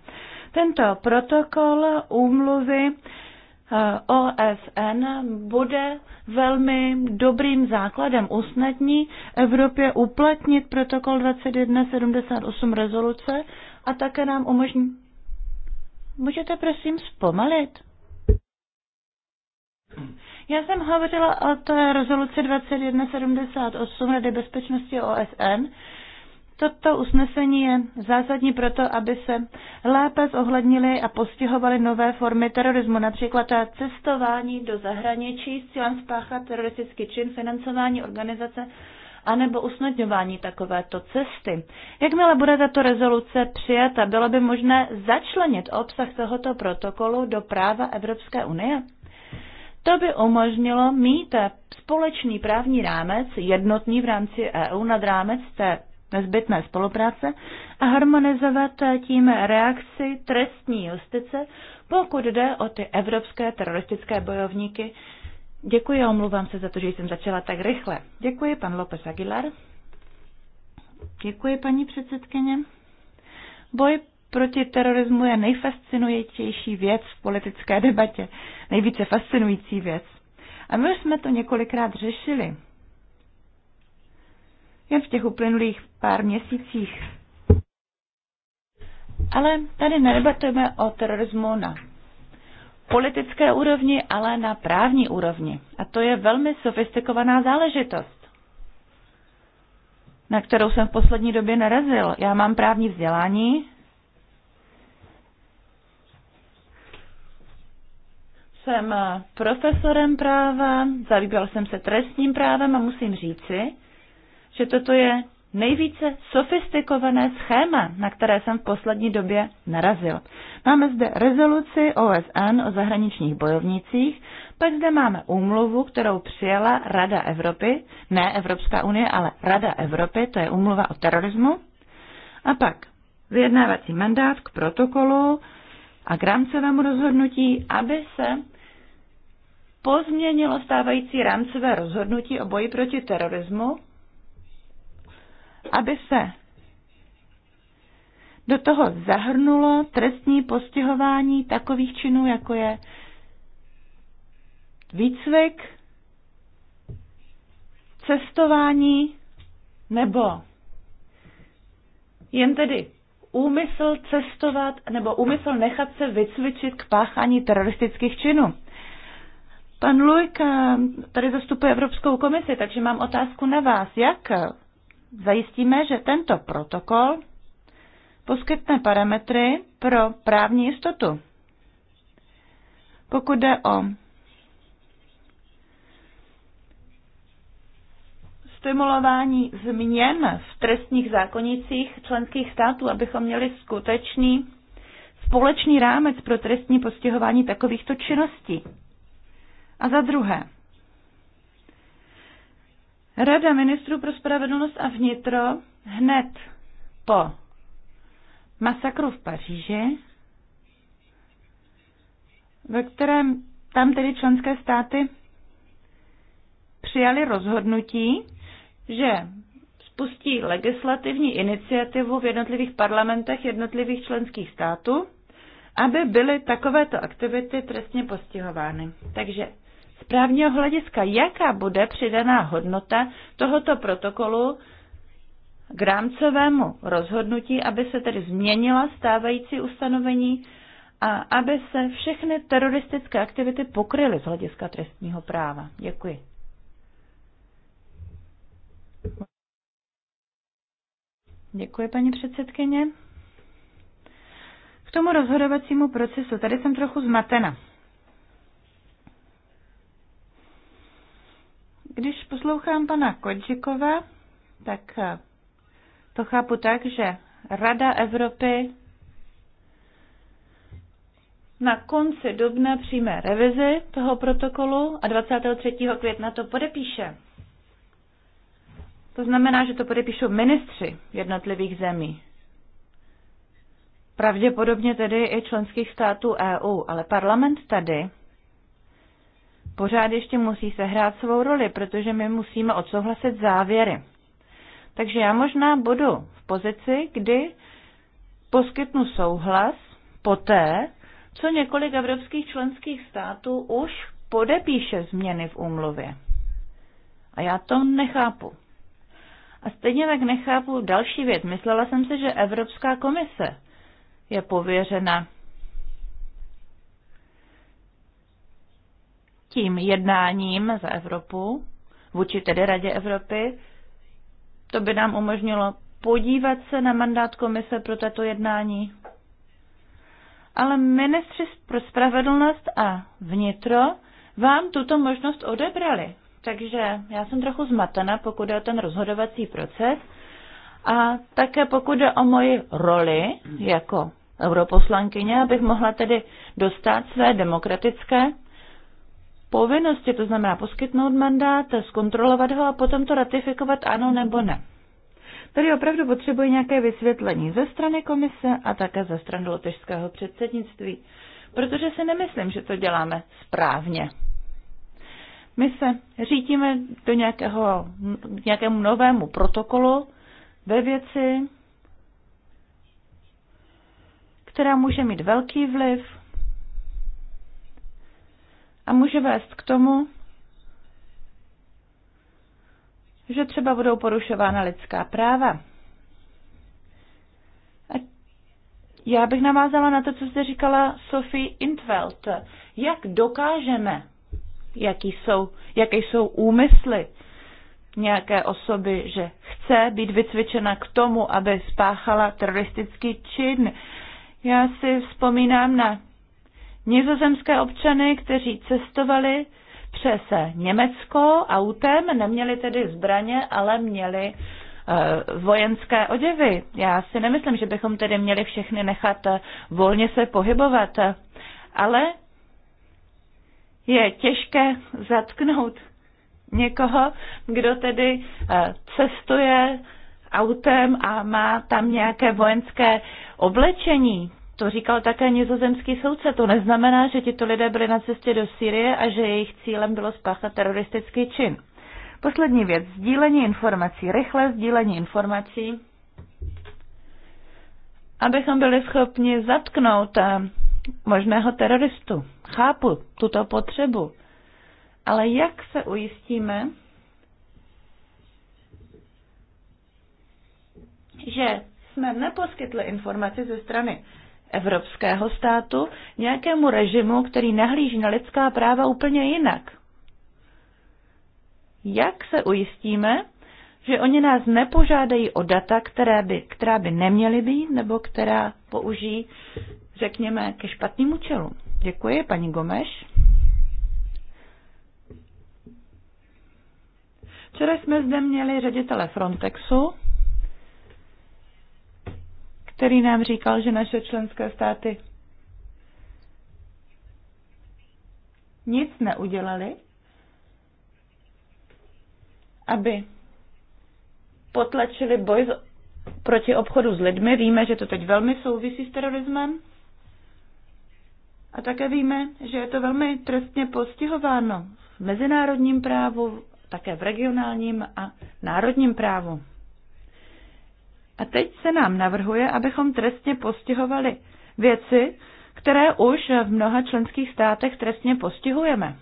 Tento protokol úmluvy eh, OSN bude velmi dobrým základem usnadní Evropě uplatnit protokol 2178 rezoluce a také nám umožní Můžete prosím zpomalit? Já jsem hovořila o té rezoluci 2178 Rady bezpečnosti OSN. Toto usnesení je zásadní proto, aby se lépe zohlednily a postihovali nové formy terorismu, například cestování do zahraničí s cílem spáchat teroristický čin, financování organizace anebo usnadňování takovéto cesty. Jakmile bude tato rezoluce přijata, bylo by možné začlenit obsah tohoto protokolu do práva Evropské unie? To by umožnilo mít společný právní rámec, jednotný v rámci EU nad rámec té nezbytné spolupráce a harmonizovat tím reakci trestní justice, pokud jde o ty evropské teroristické bojovníky, Děkuji a omluvám se za to, že jsem začala tak rychle. Děkuji, pan López Aguilar. Děkuji, paní předsedkyně. Boj proti terorismu je nejfascinujetější věc v politické debatě, nejvíce fascinující věc. A my už jsme to několikrát řešili. Jen v těch uplynulých pár měsících. Ale tady nedebatujeme o terorismu na politické úrovni, ale na právní úrovni. A to je velmi sofistikovaná záležitost, na kterou jsem v poslední době narazil. Já mám právní vzdělání, jsem eh, profesorem práva, zabýval jsem se trestním právem a musím říci, že toto je nejvíce sofistikované schéma, na které jsem v poslední době narazil. Máme zde rezoluci OSN o zahraničních bojovnících, pak zde máme úmluvu, kterou přijala Rada Evropy, ne Evropská unie, ale Rada Evropy, to je úmluva o terorismu, a pak vyjednávací mandát k protokolu a k rámcovému rozhodnutí, aby se pozměnilo stávající rámcové rozhodnutí o boji proti terorismu aby se do toho zahrnulo trestní postihování takových činů, jako je výcvik, cestování nebo jen tedy úmysl cestovat nebo úmysl nechat se vycvičit k páchání teroristických činů. Pan Lujka eh, tady zastupuje Evropskou komisi, takže mám otázku na vás. Jak zajistíme, že tento protokol poskytne parametry pro právní jistotu. Pokud jde o stimulování změn v trestních zákonicích členských států, abychom měli skutečný společný rámec pro trestní postihování takovýchto činností. A za druhé, Rada ministrů pro spravedlnost a vnitro hned po masakru v Paříži, ve kterém tam tedy členské státy přijali rozhodnutí, že spustí legislativní iniciativu v jednotlivých parlamentech jednotlivých členských států, aby byly takovéto aktivity trestně postihovány. Takže z právního hlediska, jaká bude přidaná hodnota tohoto protokolu k rámcovému rozhodnutí, aby se tedy změnila stávající ustanovení a aby se všechny teroristické aktivity pokryly z hlediska trestního práva. Děkuji. Děkuji, paní předsedkyně. K tomu rozhodovacímu procesu, tady jsem trochu zmatena. Když poslouchám pana Kodžikova, tak eh, to chápu tak, že Rada Evropy na konci dubna přijme revizi toho protokolu a 23. května to podepíše. To znamená, že to podepíšou ministři jednotlivých zemí. Pravděpodobně tedy i členských států EU, ale parlament tady pořád ještě musí sehrát svou roli, protože my musíme odsouhlasit závěry. Takže já možná budu v pozici, kdy poskytnu souhlas poté, co několik evropských členských států už podepíše změny v úmluvě. A já to nechápu. A stejně tak nechápu další věc. Myslela jsem si, že Evropská komise je pověřena tím jednáním za Evropu, vůči tedy Radě Evropy, to by nám umožnilo podívat se na mandát komise pro tato jednání. Ale ministři pro spravedlnost a vnitro vám tuto možnost odebrali. Takže já jsem trochu zmatena, pokud je o ten rozhodovací proces a také pokud je o moji roli jako europoslankyně, abych mohla tedy dostat své demokratické povinnosti, to znamená poskytnout mandát, zkontrolovat ho a potom to ratifikovat ano nebo ne. Tady opravdu potřebuje nějaké vysvětlení ze strany komise a také ze strany lotežského předsednictví, protože si nemyslím, že to děláme správně. My se řídíme do nějakého, nějakému novému protokolu ve věci, která může mít velký vliv a může vést k tomu, že třeba budou porušována lidská práva. A já bych navázala na to, co zde říkala Sophie Intveld. Jak dokážeme, jaký jsou, jaké jsou úmysly nějaké osoby, že chce být vycvičena k tomu, aby spáchala teroristický čin. Já si vzpomínám na nizozemské občany, kteří cestovali přes Německo autem, neměli tedy zbraně, ale měli eh, vojenské oděvy. Já si nemyslím, že bychom tedy měli všechny nechat eh, volně se pohybovat, eh, ale je těžké zatknout někoho, kdo tedy cestuje autem a má tam nějaké vojenské oblečení. To říkal také nizozemský soudce. To neznamená, že tito lidé byli na cestě do Syrie a že jejich cílem bylo spáchat teroristický čin. Poslední věc. Sdílení informací. Rychlé sdílení informací. Abychom byli schopni zatknout eh, možného teroristu. Chápu tuto potřebu. Ale jak se ujistíme, že jsme neposkytli informaci ze strany evropského státu nějakému režimu, který nahlíží na lidská práva úplně jinak. Jak se ujistíme, že oni nás nepožádají o data, které by, která by neměly být, nebo která použijí, řekněme, ke špatným účelům? Děkuji, paní Gomeš. Včera jsme zde měli ředitele Frontexu, který nám říkal, že naše členské státy nic neudělali, aby potlačili boj proti obchodu s lidmi. Víme, že to teď velmi souvisí s terorismem. A také víme, že je to velmi trestně postihováno v mezinárodním právu, také v regionálním a národním právu. A teď se nám navrhuje, abychom trestně postihovali věci, které už v mnoha členských státech trestně postihujeme.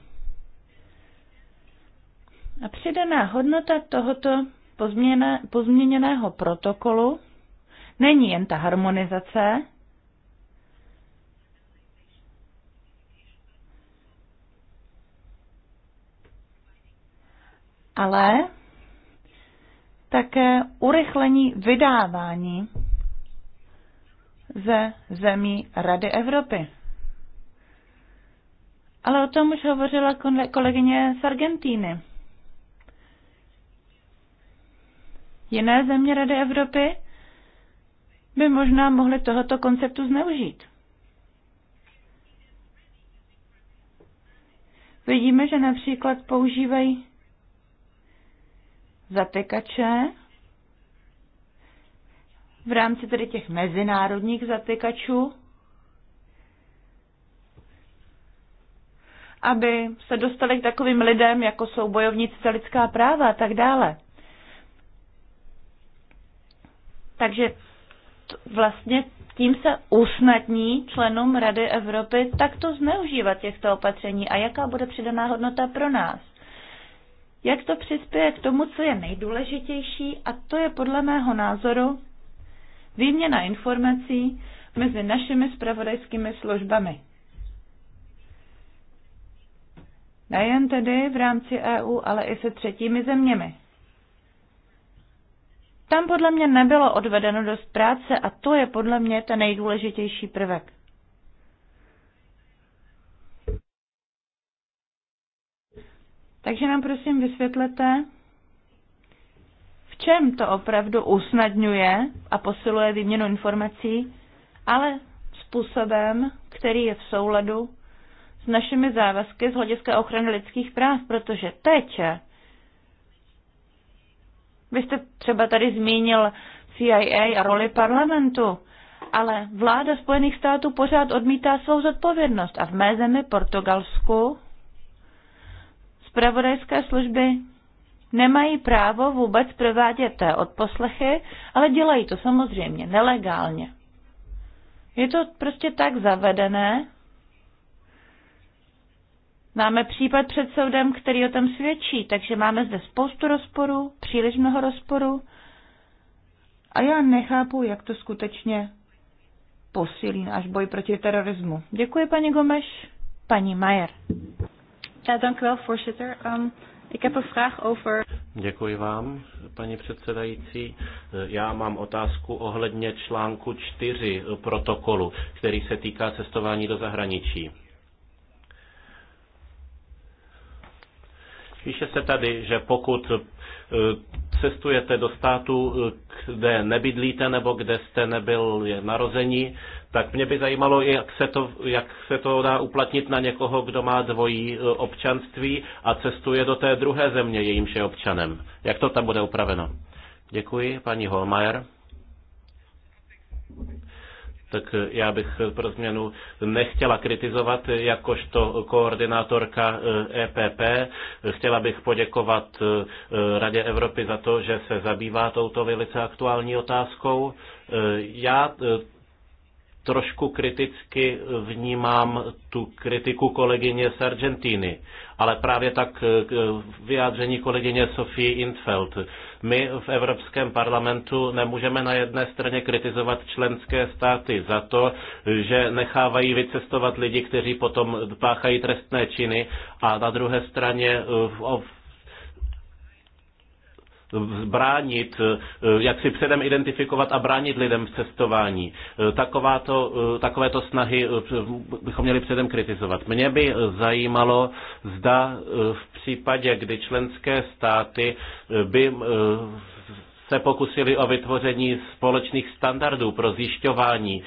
A přidaná hodnota tohoto pozměne, pozměněného protokolu není jen ta harmonizace, ale také urychlení vydávání ze zemí Rady Evropy. Ale o tom už hovořila kolegyně z Argentíny. Jiné země Rady Evropy by možná mohly tohoto konceptu zneužít. Vidíme, že například používají zatekače. v rámci tedy těch mezinárodních zatykačů, aby se dostali k takovým lidem, jako jsou bojovníci za lidská práva a tak dále. Takže vlastně tím se usnadní členům Rady Evropy takto zneužívat těchto opatření a jaká bude přidaná hodnota pro nás jak to přispěje k tomu, co je nejdůležitější, a to je podle mého názoru výměna informací mezi našimi spravodajskými službami. Nejen tedy v rámci EU, ale i se třetími zeměmi. Tam podle mě nebylo odvedeno dost práce a to je podle mě ten nejdůležitější prvek. Takže nám prosím vysvětlete, v čem to opravdu usnadňuje a posiluje výměnu informací, ale způsobem, který je v souladu s našimi závazky z hlediska ochrany lidských práv, protože teď vy jste třeba tady zmínil CIA a roli parlamentu, ale vláda Spojených států pořád odmítá svou zodpovědnost a v mé zemi Portugalsku Spravodajské služby nemají právo vůbec provádět odposlechy, ale dělají to samozřejmě nelegálně. Je to prostě tak zavedené. Máme případ před soudem, který o tom svědčí, takže máme zde spoustu rozporů, příliš mnoho rozporů. A já nechápu, jak to skutečně posílí náš boj proti terorismu. Děkuji, paní Gomeš. Paní Majer. Ja, dank u wel, voorzitter. Um, ik heb een vraag over... Děkuji vám, paní předsedající. Já mám otázku ohledně článku 4 protokolu, který se týká cestování do zahraničí. Píše se tady, že pokud e, cestujete do státu, e, kde nebydlíte nebo kde jste nebyl narození, tak mě by zajímalo, jak se, to, jak se to dá uplatnit na někoho, kdo má dvojí e, občanství a cestuje do té druhé země, jejímž je občanem. Jak to tam bude upraveno? Děkuji, paní Holmajer. Tak e, já bych e, pro změnu nechtěla kritizovat jakožto koordinátorka EPP. Chtěla bych poděkovat Radě Evropy za to, že se zabývá touto velice aktuální otázkou. Já trošku kriticky vnímám tu kritiku kolegyně z Argentíny, ale právě tak eh, vyjádření kolegyně Sofie Intfeld. My v Evropském parlamentu nemůžeme na jedné straně kritizovat členské státy za to, že nechávají vycestovat lidi, kteří potom páchají trestné činy a na druhé straně eh, bránit, eh, jak si předem identifikovat a bránit lidem v cestování. Eh, takováto, eh, takovéto snahy bychom měli předem kritizovat. Mě by zajímalo, zda v případě, kdy členské státy by se pokusili o vytvoření společných standardů pro zjišťování,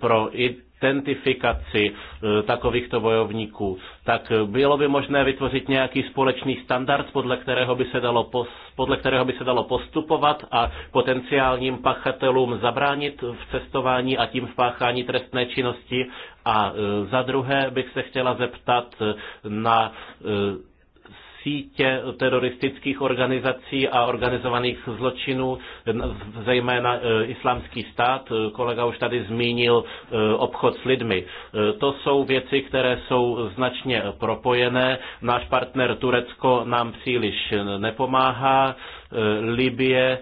pro identifikaci eh, takovýchto bojovníků, tak bylo by možné vytvořit nějaký společný standard, podle kterého by se dalo, pos, podle kterého by se dalo postupovat a potenciálním pachatelům zabránit v cestování a tím v páchání trestné činnosti. A eh, za druhé bych se chtěla zeptat eh, na sítě teroristických organizací a organizovaných zločinů, zejména e, islámský stát. Kolega už tady zmínil e, obchod s lidmi. E, to jsou věci, které jsou značně propojené. Náš partner Turecko nám příliš nepomáhá. Libie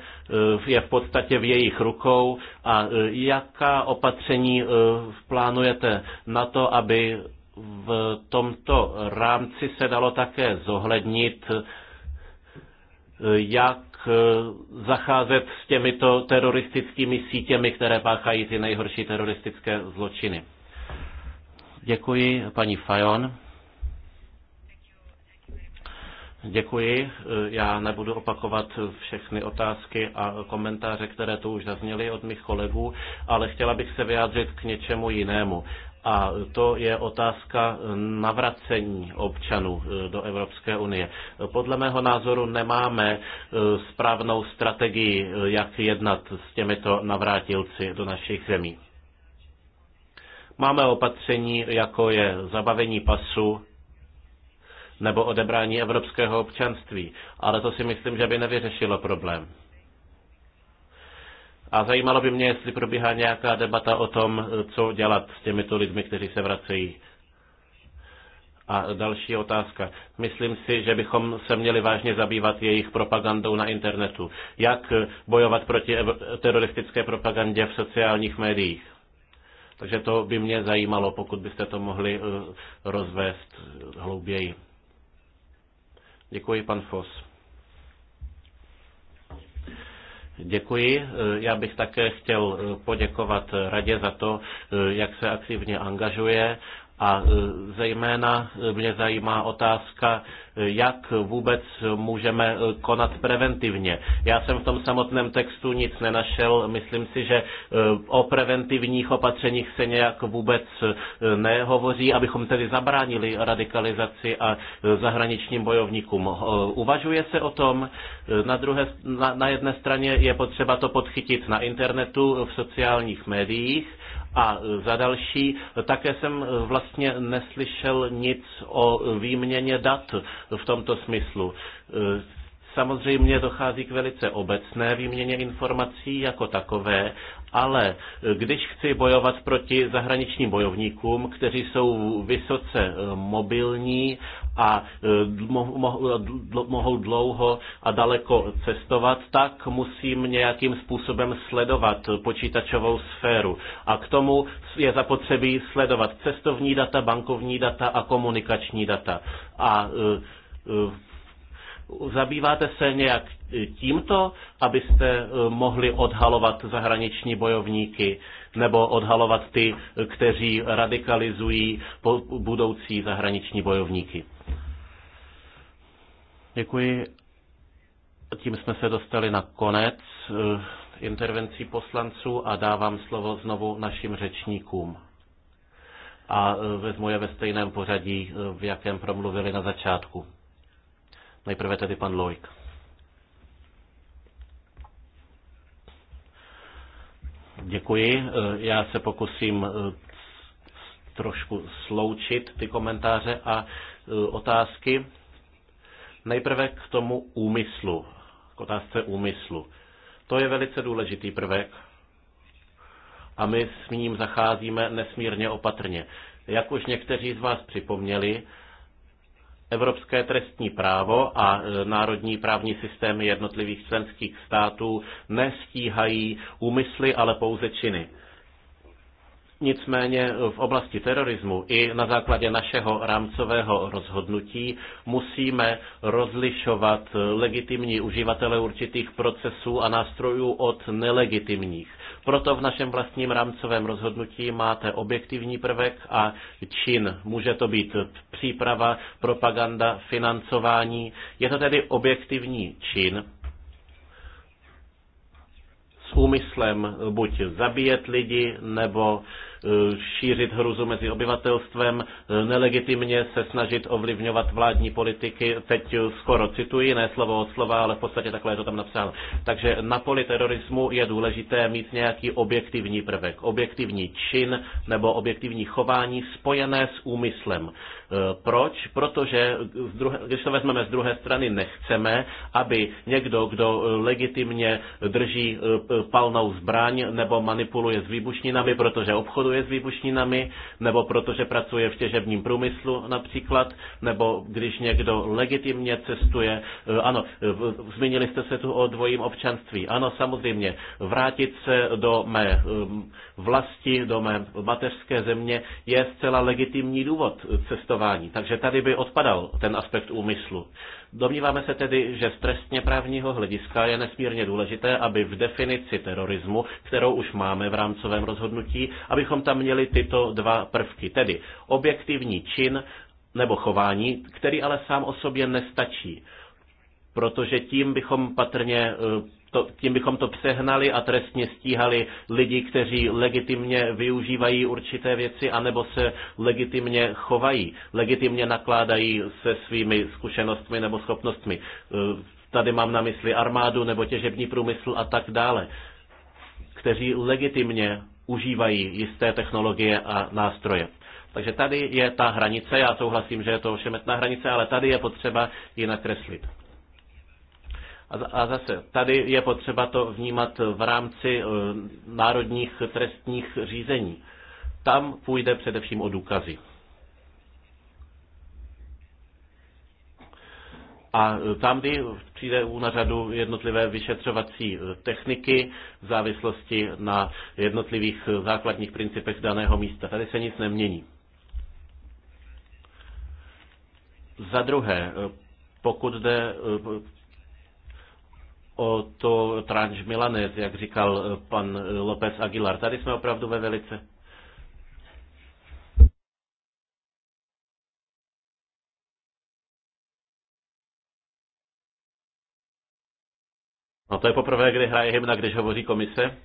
je v podstatě v jejich rukou a jaká opatření plánujete na to, aby v tomto rámci se dalo také zohlednit, jak zacházet s těmito teroristickými sítěmi, které páchají ty nejhorší teroristické zločiny. Děkuji, paní Fajon. Děkuji. Já nebudu opakovat všechny otázky a komentáře, které tu už zazněly od mých kolegů, ale chtěla bych se vyjádřit k něčemu jinému. A to je otázka navracení občanů eh, do Evropské unie. Podle mého názoru nemáme eh, správnou strategii, eh, jak jednat s těmito navrátilci do našich zemí. Máme opatření, jako je zabavení pasu nebo odebrání evropského občanství, ale to si myslím, že by nevyřešilo problém. A zajímalo by mě, jestli probíhá nějaká debata o tom, co dělat s těmito lidmi, kteří se vracejí. A další otázka. Myslím si, že bychom se měli vážně zabývat jejich propagandou na internetu. Jak bojovat proti teroristické propagandě v sociálních médiích? Takže to by mě zajímalo, pokud byste to mohli eh, rozvést hlouběji. Děkuji, pan Foss. Děkuji. Já bych také chtěl poděkovat radě za to, jak se aktivně angažuje a e, zejména e, mě zajímá otázka, e, jak vůbec můžeme konat preventivně. Já jsem v tom samotném textu nic nenašel. Myslím si, že o preventivních opatřeních se nějak vůbec nehovoří, abychom tedy zabránili radikalizaci a zahraničním bojovníkům. Uvažuje se o tom, na, druhé, na, na jedné straně je potřeba to podchytit na internetu, v sociálních médiích, a za další, také jsem vlastně neslyšel nic o výměně dat v tomto smyslu. Samozřejmě dochází k velice obecné výměně informací jako takové, ale když chci bojovat proti zahraničním bojovníkům, kteří jsou vysoce eh, mobilní a eh, mohou dlouho a daleko cestovat, tak musím nějakým způsobem sledovat počítačovou sféru. A k tomu je zapotřebí sledovat cestovní data, bankovní data a komunikační data. A eh, Zabýváte se nějak e, tímto, abyste e, mohli odhalovat zahraniční bojovníky nebo odhalovat ty, e, kteří radikalizují budoucí zahraniční bojovníky? Děkuji. Tím jsme se dostali na konec intervencí poslanců a dávám slovo znovu našim řečníkům. A vezmu je ve stejném pořadí, v jakém promluvili na začátku. Nejprve tedy pan Lojk. Děkuji. Eh, já se pokusím eh, trošku sloučit ty komentáře a eh, otázky. Nejprve k tomu úmyslu, k otázce úmyslu. To je velice důležitý prvek a my s ním zacházíme nesmírně opatrně. Jak už někteří z vás připomněli, evropské trestní právo a e, národní právní systémy jednotlivých členských států nestíhají úmysly, ale pouze činy. Nicméně e, v oblasti terorismu i na základě našeho rámcového rozhodnutí musíme rozlišovat e, legitimní uživatele určitých procesů a nástrojů od nelegitimních. Proto v našem vlastním rámcovém rozhodnutí máte objektivní prvek a čin. Může to být příprava, propaganda, financování. Je to tedy objektivní čin s úmyslem buď zabíjet lidi nebo Eh, šířit hruzu mezi obyvatelstvem, eh, nelegitimně se snažit ovlivňovat vládní politiky. Teď eh, skoro cituji, ne slovo od slova, ale v podstatě takhle je to tam napsáno. Takže na poli terorismu je důležité mít nějaký objektivní prvek, objektivní čin nebo objektivní chování spojené s úmyslem. Eh, proč? Protože když to vezmeme z druhé strany, nechceme, aby někdo, kdo eh, legitimně drží eh, palnou zbraň nebo manipuluje s výbušninami, protože obchoduje s výbušninami, nebo protože pracuje v těžebním průmyslu například, nebo když někdo legitimně cestuje. Ano, zmínili jste se tu o dvojím občanství. Ano, samozřejmě, vrátit se do mé vlasti, do mé mateřské země je zcela legitimní důvod cestovat vzdělávání. Takže tady by odpadal ten aspekt úmyslu. Domníváme se tedy, že z trestně právního hlediska je nesmírně důležité, aby v definici terorismu, kterou už máme v rámcovém rozhodnutí, abychom tam měli tyto dva prvky, tedy objektivní čin nebo chování, který ale sám o sobě nestačí protože tím bychom patrně eh, to, tím bychom to přehnali a trestně stíhali lidi, kteří legitimně využívají určité věci anebo se legitimně chovají, legitimně nakládají se svými zkušenostmi nebo schopnostmi. Eh, tady mám na mysli armádu nebo těžební průmysl a tak dále, kteří legitimně užívají jisté technologie a nástroje. Takže tady je ta hranice, já souhlasím, že je to ošemetná hranice, ale tady je potřeba ji nakreslit. A zase, tady je potřeba to vnímat v rámci eh, národních trestních řízení. Tam půjde především o důkazy. A eh, tam, kdy přijde na řadu jednotlivé vyšetřovací eh, techniky v závislosti na jednotlivých základních principech daného místa. Tady se nic nemění. Za druhé, pokud jde, o to tranš Milanes, jak říkal pan López Aguilar. Tady jsme opravdu ve velice No to je poprvé, kdy hraje hymna, když hovoří komise.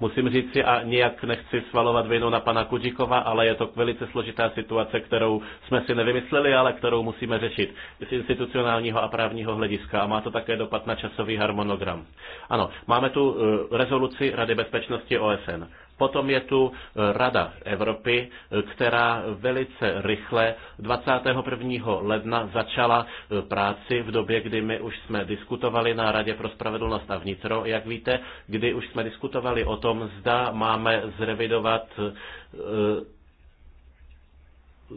musím říct si, a nijak nechci svalovat vinu na pana Kudžikova, ale je to velice složitá situace, kterou jsme si nevymysleli, ale kterou musíme řešit z institucionálního a právního hlediska. A má to také dopad na časový harmonogram. Ano, máme tu eh, rezoluci Rady bezpečnosti OSN. Potom je tu eh, Rada Evropy, eh, která velice rychle 21. ledna začala eh, práci v době, kdy my už jsme diskutovali na Radě pro spravedlnost a vnitro, jak víte, kdy už jsme diskutovali o tom, zda máme zrevidovat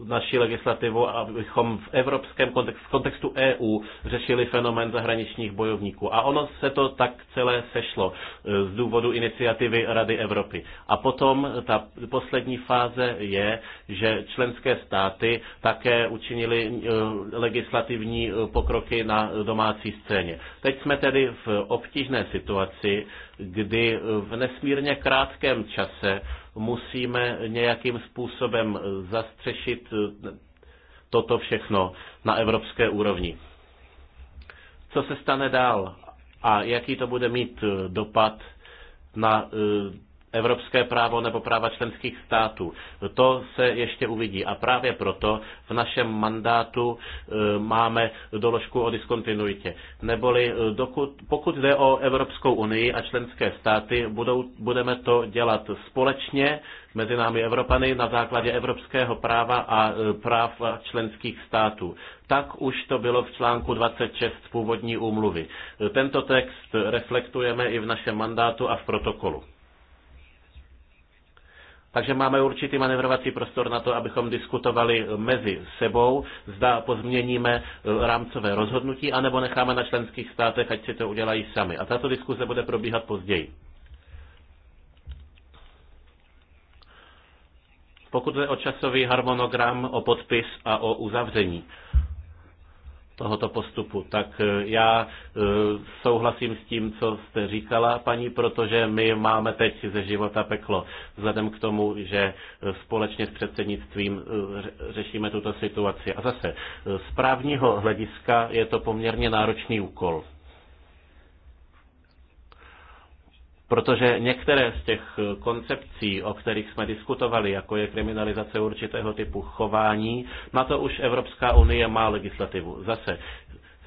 naší legislativu, abychom v evropském kontextu, v kontextu EU řešili fenomén zahraničních bojovníků. A ono se to tak celé sešlo e, z důvodu iniciativy Rady Evropy. A potom ta poslední fáze je, že členské státy také učinili e, legislativní e, pokroky na domácí scéně. Teď jsme tedy v obtížné situaci, kdy v nesmírně krátkém čase musíme nějakým způsobem zastřešit eh, toto všechno na evropské úrovni. Co se stane dál a jaký to bude mít eh, dopad na eh, evropské právo nebo práva členských států. To se ještě uvidí a právě proto v našem mandátu e, máme doložku o diskontinuitě. Neboli e, dokud, pokud jde o Evropskou unii a členské státy, budou, budeme to dělat společně mezi námi Evropany na základě evropského práva a e, práv členských států. Tak už to bylo v článku 26 původní úmluvy. Tento text reflektujeme i v našem mandátu a v protokolu. Takže máme určitý manevrovací prostor na to, abychom diskutovali mezi sebou, zda pozměníme eh, rámcové rozhodnutí, anebo necháme na členských státech, ať si to udělají sami. A tato diskuze bude probíhat později. Pokud jde o časový harmonogram, o podpis a o uzavření tohoto postupu. Tak e, já e, souhlasím s tím, co jste říkala, paní, protože my máme teď ze života peklo. Vzhledem k tomu, že e, společně s předsednictvím řešíme tuto situaci. A zase, z právního hlediska je to poměrně náročný úkol. protože některé z těch eh, koncepcí, o kterých jsme diskutovali, jako je kriminalizace určitého typu chování, na to už Evropská unie má legislativu. Zase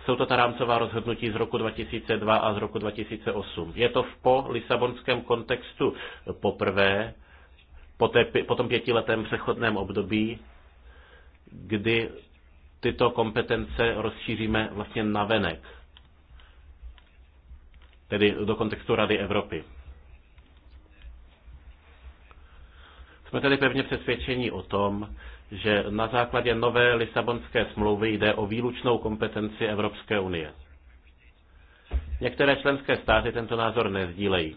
jsou to ta rámcová rozhodnutí z roku 2002 a z roku 2008. Je to v po lisabonském kontextu poprvé, po, té, po tom pětiletém přechodném období, kdy tyto kompetence rozšíříme vlastně navenek, tedy do kontextu Rady Evropy. Jsme tedy pevně přesvědčeni o tom, že na základě nové Lisabonské smlouvy jde o výlučnou kompetenci Evropské unie. Některé členské státy tento názor nezdílejí.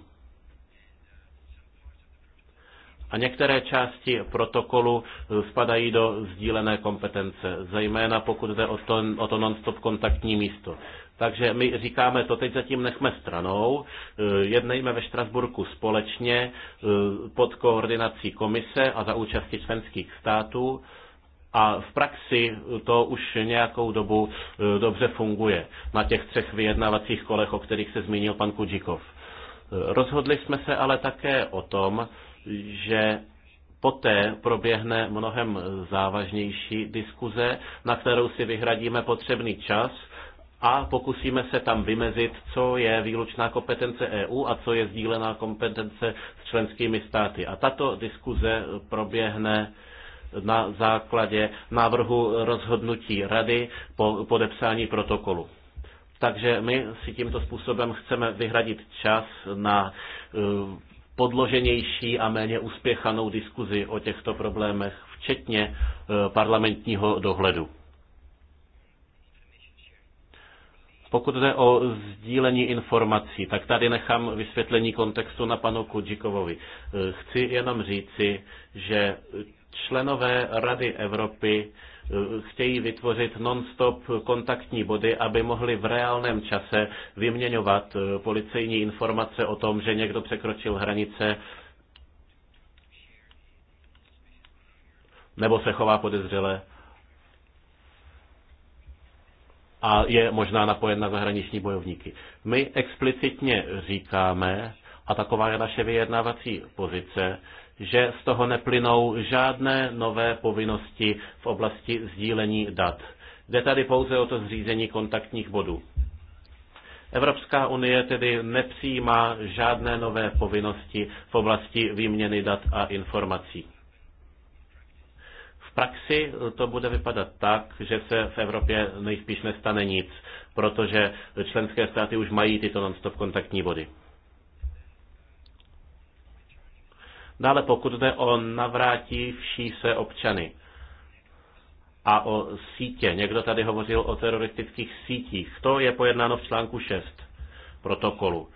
A některé části protokolu spadají do sdílené kompetence, zejména pokud jde o to, o to non-stop kontaktní místo. Takže my říkáme, to teď zatím nechme stranou, eh, jednejme ve Štrasburku společně eh, pod koordinací komise a za účasti členských států a v praxi to už nějakou dobu eh, dobře funguje na těch třech vyjednavacích kolech, o kterých se zmínil pan Kudžikov. Rozhodli jsme se ale také o tom, že poté proběhne mnohem závažnější diskuze, na kterou si vyhradíme potřebný čas – a pokusíme se tam vymezit, co je výlučná kompetence EU a co je sdílená kompetence s členskými státy. A tato diskuze proběhne na základě návrhu rozhodnutí Rady po podepsání protokolu. Takže my si tímto způsobem chceme vyhradit čas na e, podloženější a méně uspěchanou diskuzi o těchto problémech, včetně e, parlamentního dohledu. Pokud jde o sdílení informací, tak tady nechám vysvětlení kontextu na panu Kudžikovovi. Chci jenom říci, že členové Rady Evropy eh, chtějí vytvořit non-stop kontaktní body, aby mohli v reálném čase vyměňovat eh, policejní informace o tom, že někdo překročil hranice nebo se chová podezřele a je možná napojen na zahraniční bojovníky. My explicitně říkáme, a taková je naše vyjednávací pozice, že z toho neplynou žádné nové povinnosti v oblasti sdílení dat. Jde tady pouze o to zřízení kontaktních bodů. Evropská unie tedy nepřijímá žádné nové povinnosti v oblasti výměny dat a informací praxi to bude vypadat tak, že se v Evropě nejspíš nestane nic, protože členské státy už mají tyto non-stop kontaktní body. Dále pokud jde o navrátivší se občany a o sítě. Někdo tady hovořil o teroristických sítích. To je pojednáno v článku 6 protokolu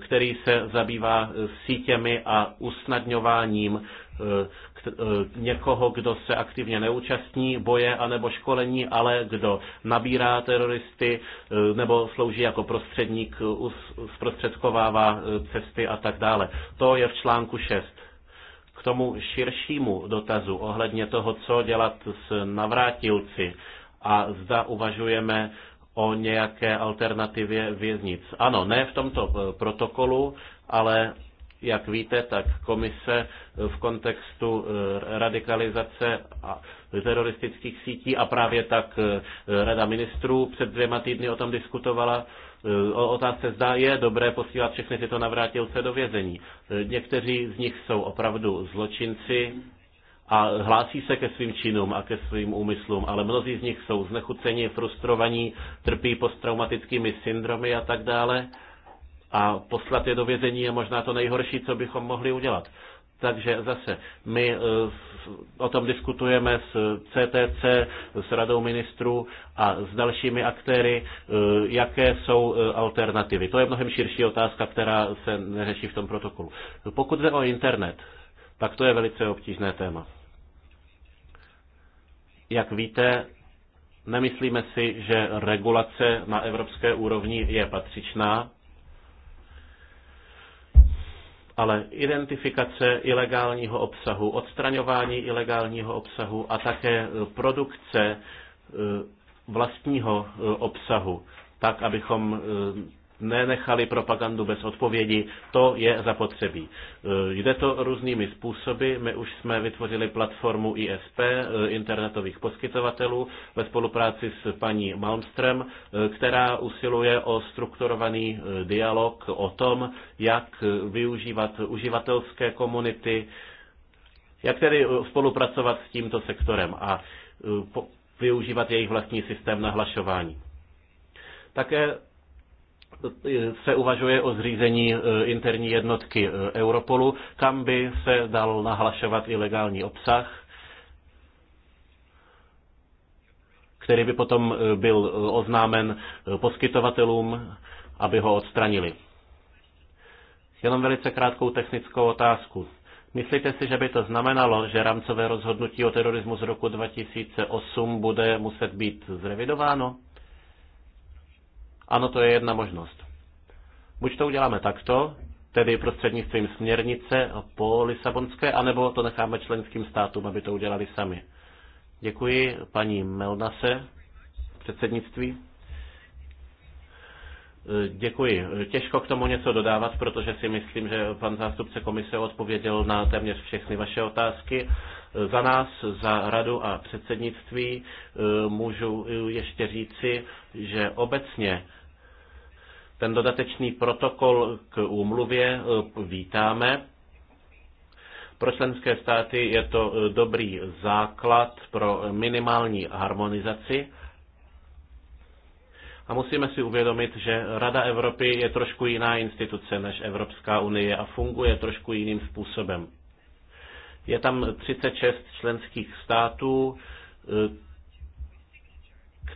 který se zabývá sítěmi a usnadňováním eh, eh, někoho, kdo se aktivně neúčastní boje anebo školení, ale kdo nabírá teroristy eh, nebo slouží jako prostředník, zprostředkovává cesty a tak dále. To je v článku 6. K tomu širšímu dotazu ohledně toho, co dělat s navrátilci a zda uvažujeme o nějaké alternativě věznic. Ano, ne v tomto eh, protokolu, ale jak víte, tak komise eh, v kontextu eh, radikalizace a teroristických sítí a právě tak Rada ministrů před dvěma týdny o tom diskutovala. O otázce zda je dobré posílat všechny tyto navrátilce do vězení. Někteří z nich jsou opravdu zločinci, a hlásí se ke svým činům a ke svým úmyslům, ale mnozí z nich jsou znechuceni, frustrovaní, trpí posttraumatickými syndromy a tak dále. A poslat je do vězení je možná to nejhorší, co bychom mohli udělat. Takže zase, my eh, o tom diskutujeme s CTC, s radou ministrů a s dalšími aktéry, eh, jaké jsou eh, alternativy. To je mnohem širší otázka, která se neřeší v tom protokolu. Pokud jde o internet, tak to je velice obtížné téma. Jak víte, nemyslíme si, že regulace na evropské úrovni je patřičná, ale identifikace ilegálního obsahu, odstraňování ilegálního obsahu a také produkce eh, vlastního eh, obsahu, tak abychom eh, nenechali propagandu bez odpovědi, to je zapotřebí. E, jde to různými způsoby. My už jsme vytvořili platformu ISP, e, internetových poskytovatelů, ve spolupráci s paní Malmström, e, která usiluje o strukturovaný dialog o tom, jak využívat uživatelské komunity, jak tedy spolupracovat s tímto sektorem a využívat jejich vlastní systém nahlašování. Také se uvažuje o zřízení e, interní jednotky e, Europolu, kam by se dal nahlašovat ilegální obsah, který by potom e, byl oznámen poskytovatelům, aby ho odstranili. Jenom velice krátkou technickou otázku. Myslíte si, že by to znamenalo, že rámcové rozhodnutí o terorismu z roku 2008 bude muset být zrevidováno? Ano, to je jedna možnost. Buď to uděláme takto, tedy prostřednictvím směrnice po Lisabonské, anebo to necháme členským státům, aby to udělali sami. Děkuji paní Melnase, předsednictví. Děkuji. Těžko k tomu něco dodávat, protože si myslím, že pan zástupce komise odpověděl na téměř všechny vaše otázky. Za nás, za radu a předsednictví můžu ještě říci, že obecně ten dodatečný protokol k úmluvě eh, vítáme. Pro členské státy je to eh, dobrý základ pro minimální harmonizaci. A musíme si uvědomit, že Rada Evropy je trošku jiná instituce než Evropská unie a funguje trošku jiným způsobem. Je tam 36 členských států, eh,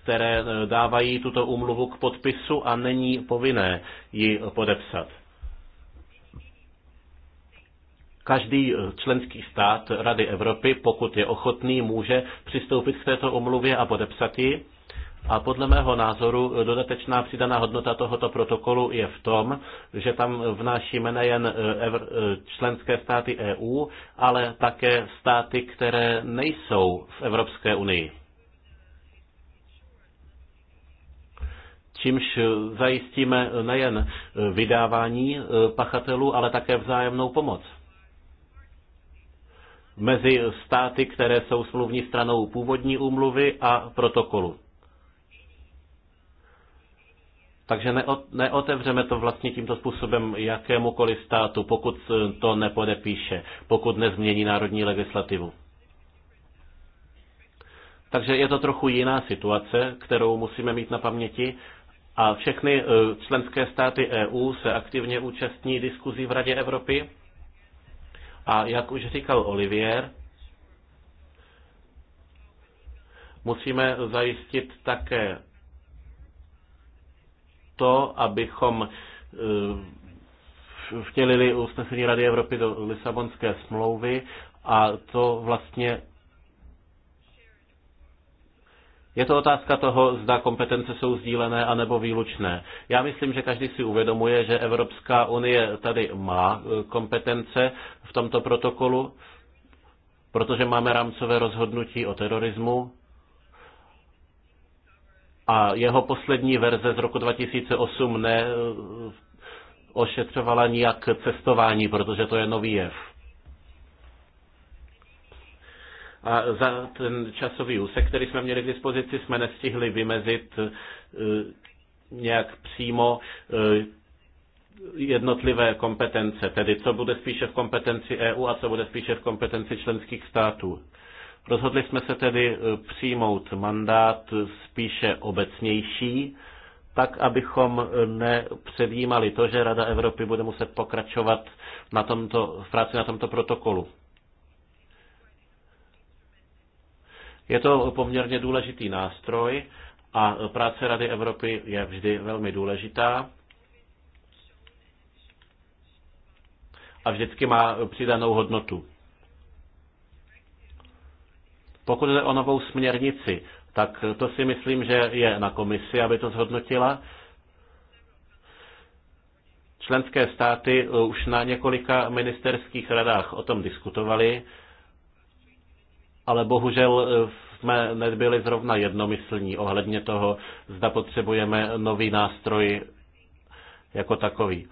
které eh, dávají tuto úmluvu k podpisu a není povinné ji podepsat. Každý eh, členský stát Rady Evropy, pokud je ochotný, může přistoupit k této umluvě a podepsat ji. A podle mého názoru eh, dodatečná přidaná hodnota tohoto protokolu je v tom, že tam vnášíme nejen členské státy EU, ale také státy, které nejsou v Evropské unii. čímž zajistíme nejen vydávání eh, pachatelů, ale také vzájemnou pomoc mezi státy, které jsou smluvní stranou původní úmluvy a protokolu. Takže neotevřeme to vlastně tímto způsobem jakémukoliv státu, pokud to nepodepíše, pokud nezmění národní legislativu. Takže je to trochu jiná situace, kterou musíme mít na paměti a všechny eh, členské státy EU se aktivně účastní diskuzí v Radě Evropy. A jak už říkal Olivier, musíme zajistit také to, abychom eh, vtělili usnesení Rady Evropy do Lisabonské smlouvy a to vlastně je to otázka toho, zda kompetence jsou sdílené anebo výlučné. Já myslím, že každý si uvědomuje, že Evropská unie tady má e, kompetence v tomto protokolu, protože máme rámcové rozhodnutí o terorismu a jeho poslední verze z roku 2008 ne e, ošetřovala nijak cestování, protože to je nový jev. A za ten časový úsek, který jsme měli k dispozici, jsme nestihli vymezit e, nějak přímo e, jednotlivé kompetence, tedy co bude spíše v kompetenci EU a co bude spíše v kompetenci členských států. Rozhodli jsme se tedy e, přijmout mandát spíše obecnější, tak, abychom nepředjímali to, že Rada Evropy bude muset pokračovat na tomto, v práci na tomto protokolu. Je to poměrně důležitý nástroj a práce Rady Evropy je vždy velmi důležitá. A vždycky má přidanou hodnotu. Pokud jde o novou směrnici, tak to si myslím, že je na komisi, aby to zhodnotila. Členské státy už na několika ministerských radách o tom diskutovali ale bohužel eh, jsme nebyli zrovna jednomyslní ohledně toho, zda potřebujeme nový nástroj jako takový.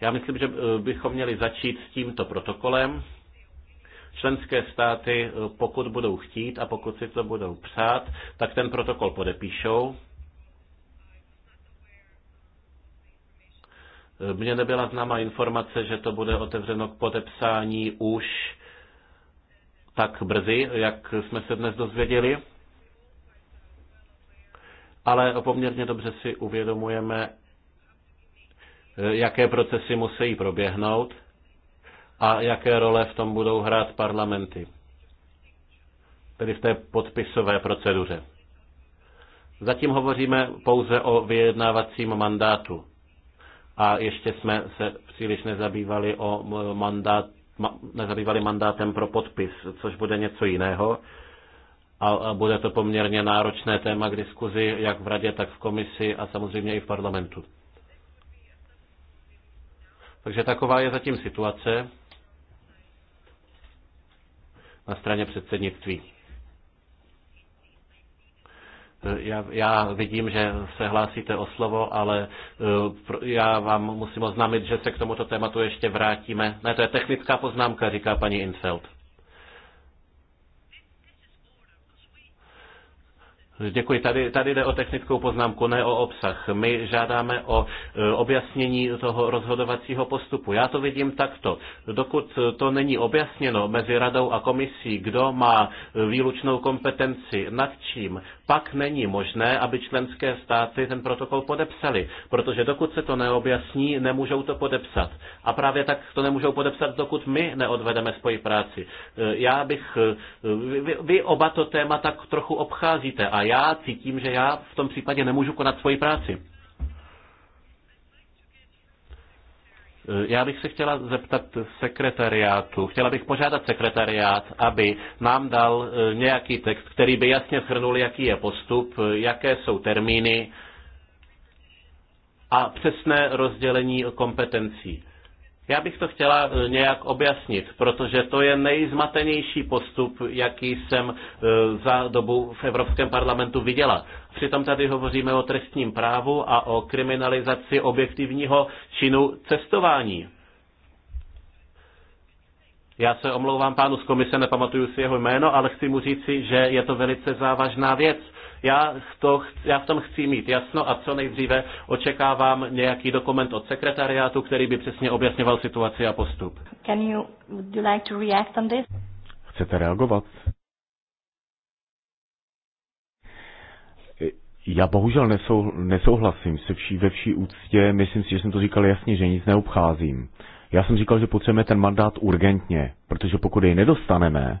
Já myslím, že eh, bychom měli začít s tímto protokolem. Členské státy, eh, pokud budou chtít a pokud si to budou přát, tak ten protokol podepíšou. Mně nebyla známa informace, že to bude otevřeno k podepsání už tak brzy, jak jsme se dnes dozvěděli. Ale poměrně dobře si uvědomujeme, jaké procesy musí proběhnout a jaké role v tom budou hrát parlamenty. Tedy v té podpisové proceduře. Zatím hovoříme pouze o vyjednávacím mandátu. A ještě jsme se příliš nezabývali o mandát, nezabývali mandátem pro podpis, což bude něco jiného. A bude to poměrně náročné téma k diskuzi, jak v radě, tak v komisi a samozřejmě i v parlamentu. Takže taková je zatím situace na straně předsednictví. Já, já vidím, že se hlásíte o slovo, ale e, já vám musím oznámit, že se k tomuto tématu ještě vrátíme. Ne, to je technická poznámka, říká paní Infeld. Děkuji. Tady, tady jde o technickou poznámku, ne o obsah. My žádáme o e, objasnění toho rozhodovacího postupu. Já to vidím takto. Dokud to není objasněno mezi radou a komisí, kdo má e, výlučnou kompetenci nad čím, pak není možné, aby členské státy ten protokol podepsali, protože dokud se to neobjasní, nemůžou to podepsat. A právě tak to nemůžou podepsat, dokud my neodvedeme svoji práci. E, já bych, e, vy, vy oba to téma tak trochu obcházíte a já cítím, že já v tom případě nemůžu konat svoji práci. Eh, já bych se chtěla zeptat sekretariátu, chtěla bych požádat sekretariát, aby nám dal eh, nějaký text, který by jasně shrnul, jaký je postup, eh, jaké jsou termíny a přesné rozdělení kompetencí. Já bych to chtěla eh, nějak objasnit, protože to je nejzmatenější postup, jaký jsem eh, za dobu v Evropském parlamentu viděla. Přitom tady hovoříme o trestním právu a o kriminalizaci objektivního činu cestování. Já se omlouvám pánu z komise, nepamatuju si jeho jméno, ale chci mu říci, že je to velice závažná věc já, to, já v tom chci mít jasno a co nejdříve očekávám nějaký dokument od sekretariátu, který by přesně objasňoval situaci a postup. Can you, would you like to react on this? Chcete reagovat? Já bohužel nesou, nesouhlasím se vší, ve vší úctě. Myslím si, že jsem to říkal jasně, že nic neobcházím. Já jsem říkal, že potřebujeme ten mandát urgentně, protože pokud jej nedostaneme,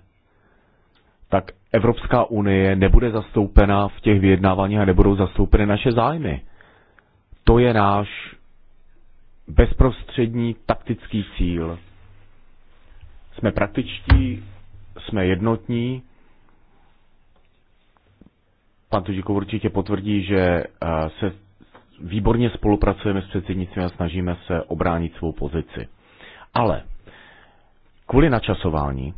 tak Evropská unie nebude zastoupena v těch vyjednáváních a nebudou zastoupeny naše zájmy. To je náš bezprostřední taktický cíl. Jsme praktičtí, jsme jednotní. Pan Tužikov určitě potvrdí, že eh, se výborně spolupracujeme s předsednictvím a snažíme se obránit svou pozici. Ale kvůli načasování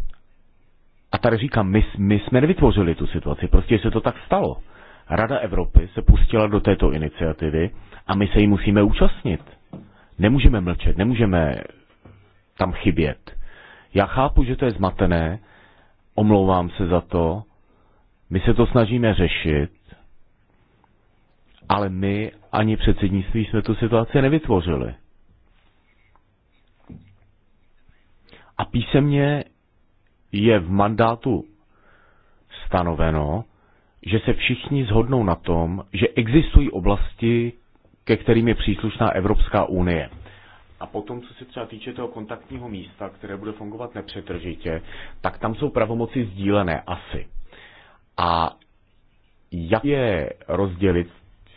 tady říkám, my, my jsme nevytvořili tu situaci, prostě se to tak stalo. Rada Evropy se pustila do této iniciativy a my se jí musíme účastnit. Nemůžeme mlčet, nemůžeme tam chybět. Já chápu, že to je zmatené, omlouvám se za to, my se to snažíme řešit, ale my ani předsednictví jsme tu situaci nevytvořili. A písemně je v mandátu stanoveno, že se všichni zhodnou na tom, že existují oblasti, ke kterým je příslušná Evropská unie. A potom, co se třeba týče toho kontaktního místa, které bude fungovat nepřetržitě, tak tam jsou pravomoci sdílené asi. A jak je rozdělit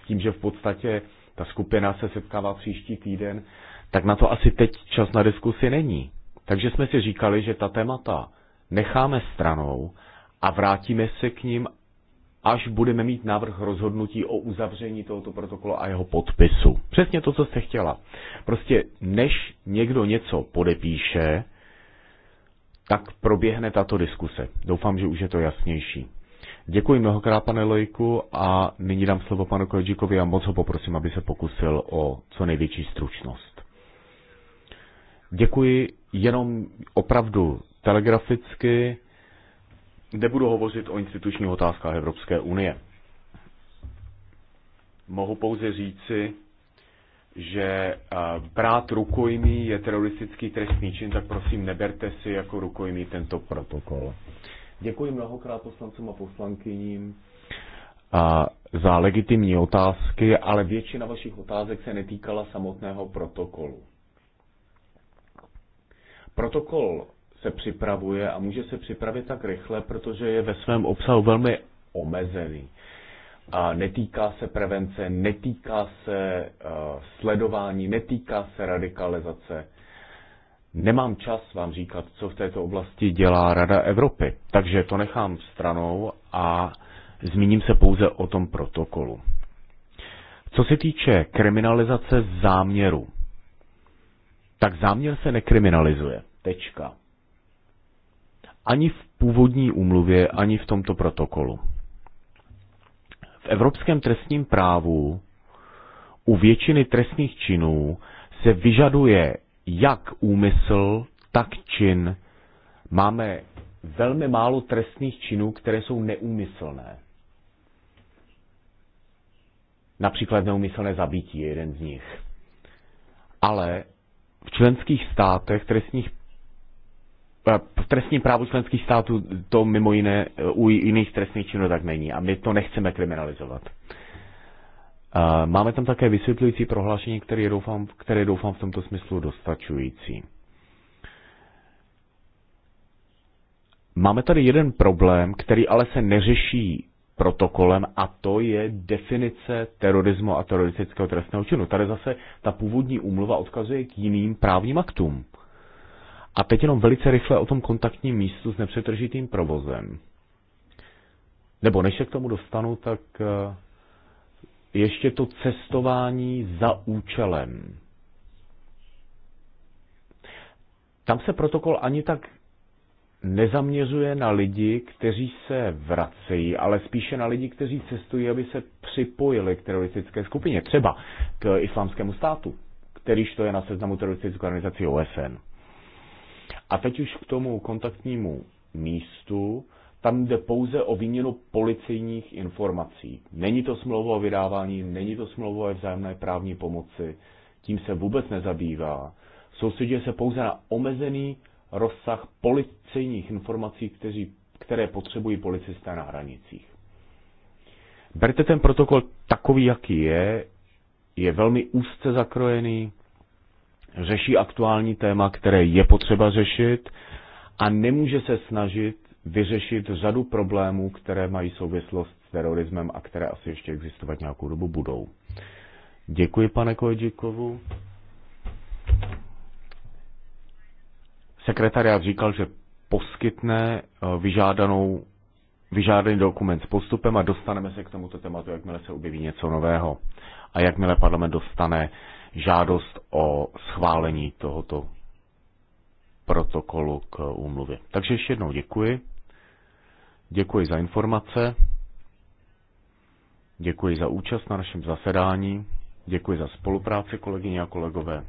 s tím, že v podstatě ta skupina se setkává příští týden, tak na to asi teď čas na diskusi není. Takže jsme si říkali, že ta témata necháme stranou a vrátíme se k ním, až budeme mít návrh rozhodnutí o uzavření tohoto protokolu a jeho podpisu. Přesně to, co jste chtěla. Prostě než někdo něco podepíše, tak proběhne tato diskuse. Doufám, že už je to jasnější. Děkuji mnohokrát, pane Lojku, a nyní dám slovo panu Kojičíkovi a moc ho poprosím, aby se pokusil o co největší stručnost. Děkuji jenom opravdu telegraficky, kde budu hovořit o institučních otázkách Evropské unie. Mohu pouze říci, že brát rukojmí je teroristický trestný čin, tak prosím neberte si jako rukojmí tento protokol. Děkuji mnohokrát poslancům a poslankyním a za legitimní otázky, ale většina vašich otázek se netýkala samotného protokolu. Protokol se připravuje a může se připravit tak rychle, protože je ve svém obsahu velmi omezený. A netýká se prevence, netýká se uh, sledování, netýká se radikalizace. Nemám čas vám říkat, co v této oblasti dělá Rada Evropy, takže to nechám stranou a zmíním se pouze o tom protokolu. Co se týče kriminalizace záměru, tak záměr se nekriminalizuje. Tečka ani v původní úmluvě, ani v tomto protokolu. V evropském trestním právu u většiny trestných činů se vyžaduje jak úmysl, tak čin. Máme velmi málo trestných činů, které jsou neúmyslné. Například neumyslné zabítí je jeden z nich. Ale v členských státech trestních v trestním právu členských států to mimo jiné u jiných trestných činů tak není a my to nechceme kriminalizovat. Máme tam také vysvětlující prohlášení, které doufám, které doufám v tomto smyslu dostačující. Máme tady jeden problém, který ale se neřeší protokolem a to je definice terorismu a teroristického trestného činu. Tady zase ta původní úmluva odkazuje k jiným právním aktům. A teď jenom velice rychle o tom kontaktním místu s nepřetržitým provozem. Nebo než se k tomu dostanu, tak eh, ještě to cestování za účelem. Tam se protokol ani tak nezaměřuje na lidi, kteří se vracejí, ale spíše na lidi, kteří cestují, aby se připojili k teroristické skupině, třeba k islámskému státu, kterýž to je na seznamu teroristické organizace OSN. A teď už k tomu kontaktnímu místu, tam jde pouze o výměnu policejních informací. Není to smlouva o vydávání, není to smlouva o vzájemné právní pomoci, tím se vůbec nezabývá. Soustředuje se pouze na omezený rozsah policejních informací, kteří, které potřebují policisté na hranicích. Berte ten protokol takový, jaký je, je velmi úzce zakrojený, řeší aktuální téma, které je potřeba řešit a nemůže se snažit vyřešit řadu problémů, které mají souvislost s terorismem a které asi ještě existovat nějakou dobu budou. Děkuji, pane Kojdíkovu. Sekretariát říkal, že poskytne eh, vyžádanou, vyžádaný dokument s postupem a dostaneme se k tomuto tématu, jakmile se objeví něco nového a jakmile parlament dostane žádost o schválení tohoto protokolu k úmluvě. Takže ještě jednou děkuji. Děkuji za informace. Děkuji za účast na našem zasedání. Děkuji za spolupráci, kolegyně a kolegové.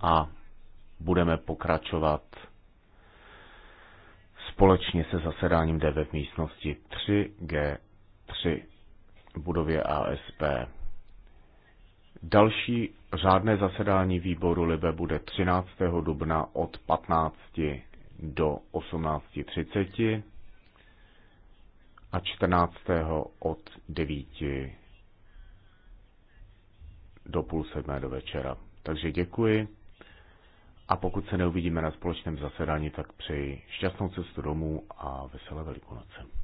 A budeme pokračovat společně se zasedáním DV v místnosti 3G3 v budově ASP. Další řádné zasedání výboru LIBE bude 13. dubna od 15 do 18.30 a 14. od 9 do půl sedmé do večera. Takže děkuji a pokud se neuvidíme na společném zasedání, tak přeji šťastnou cestu domů a veselé velikonoce.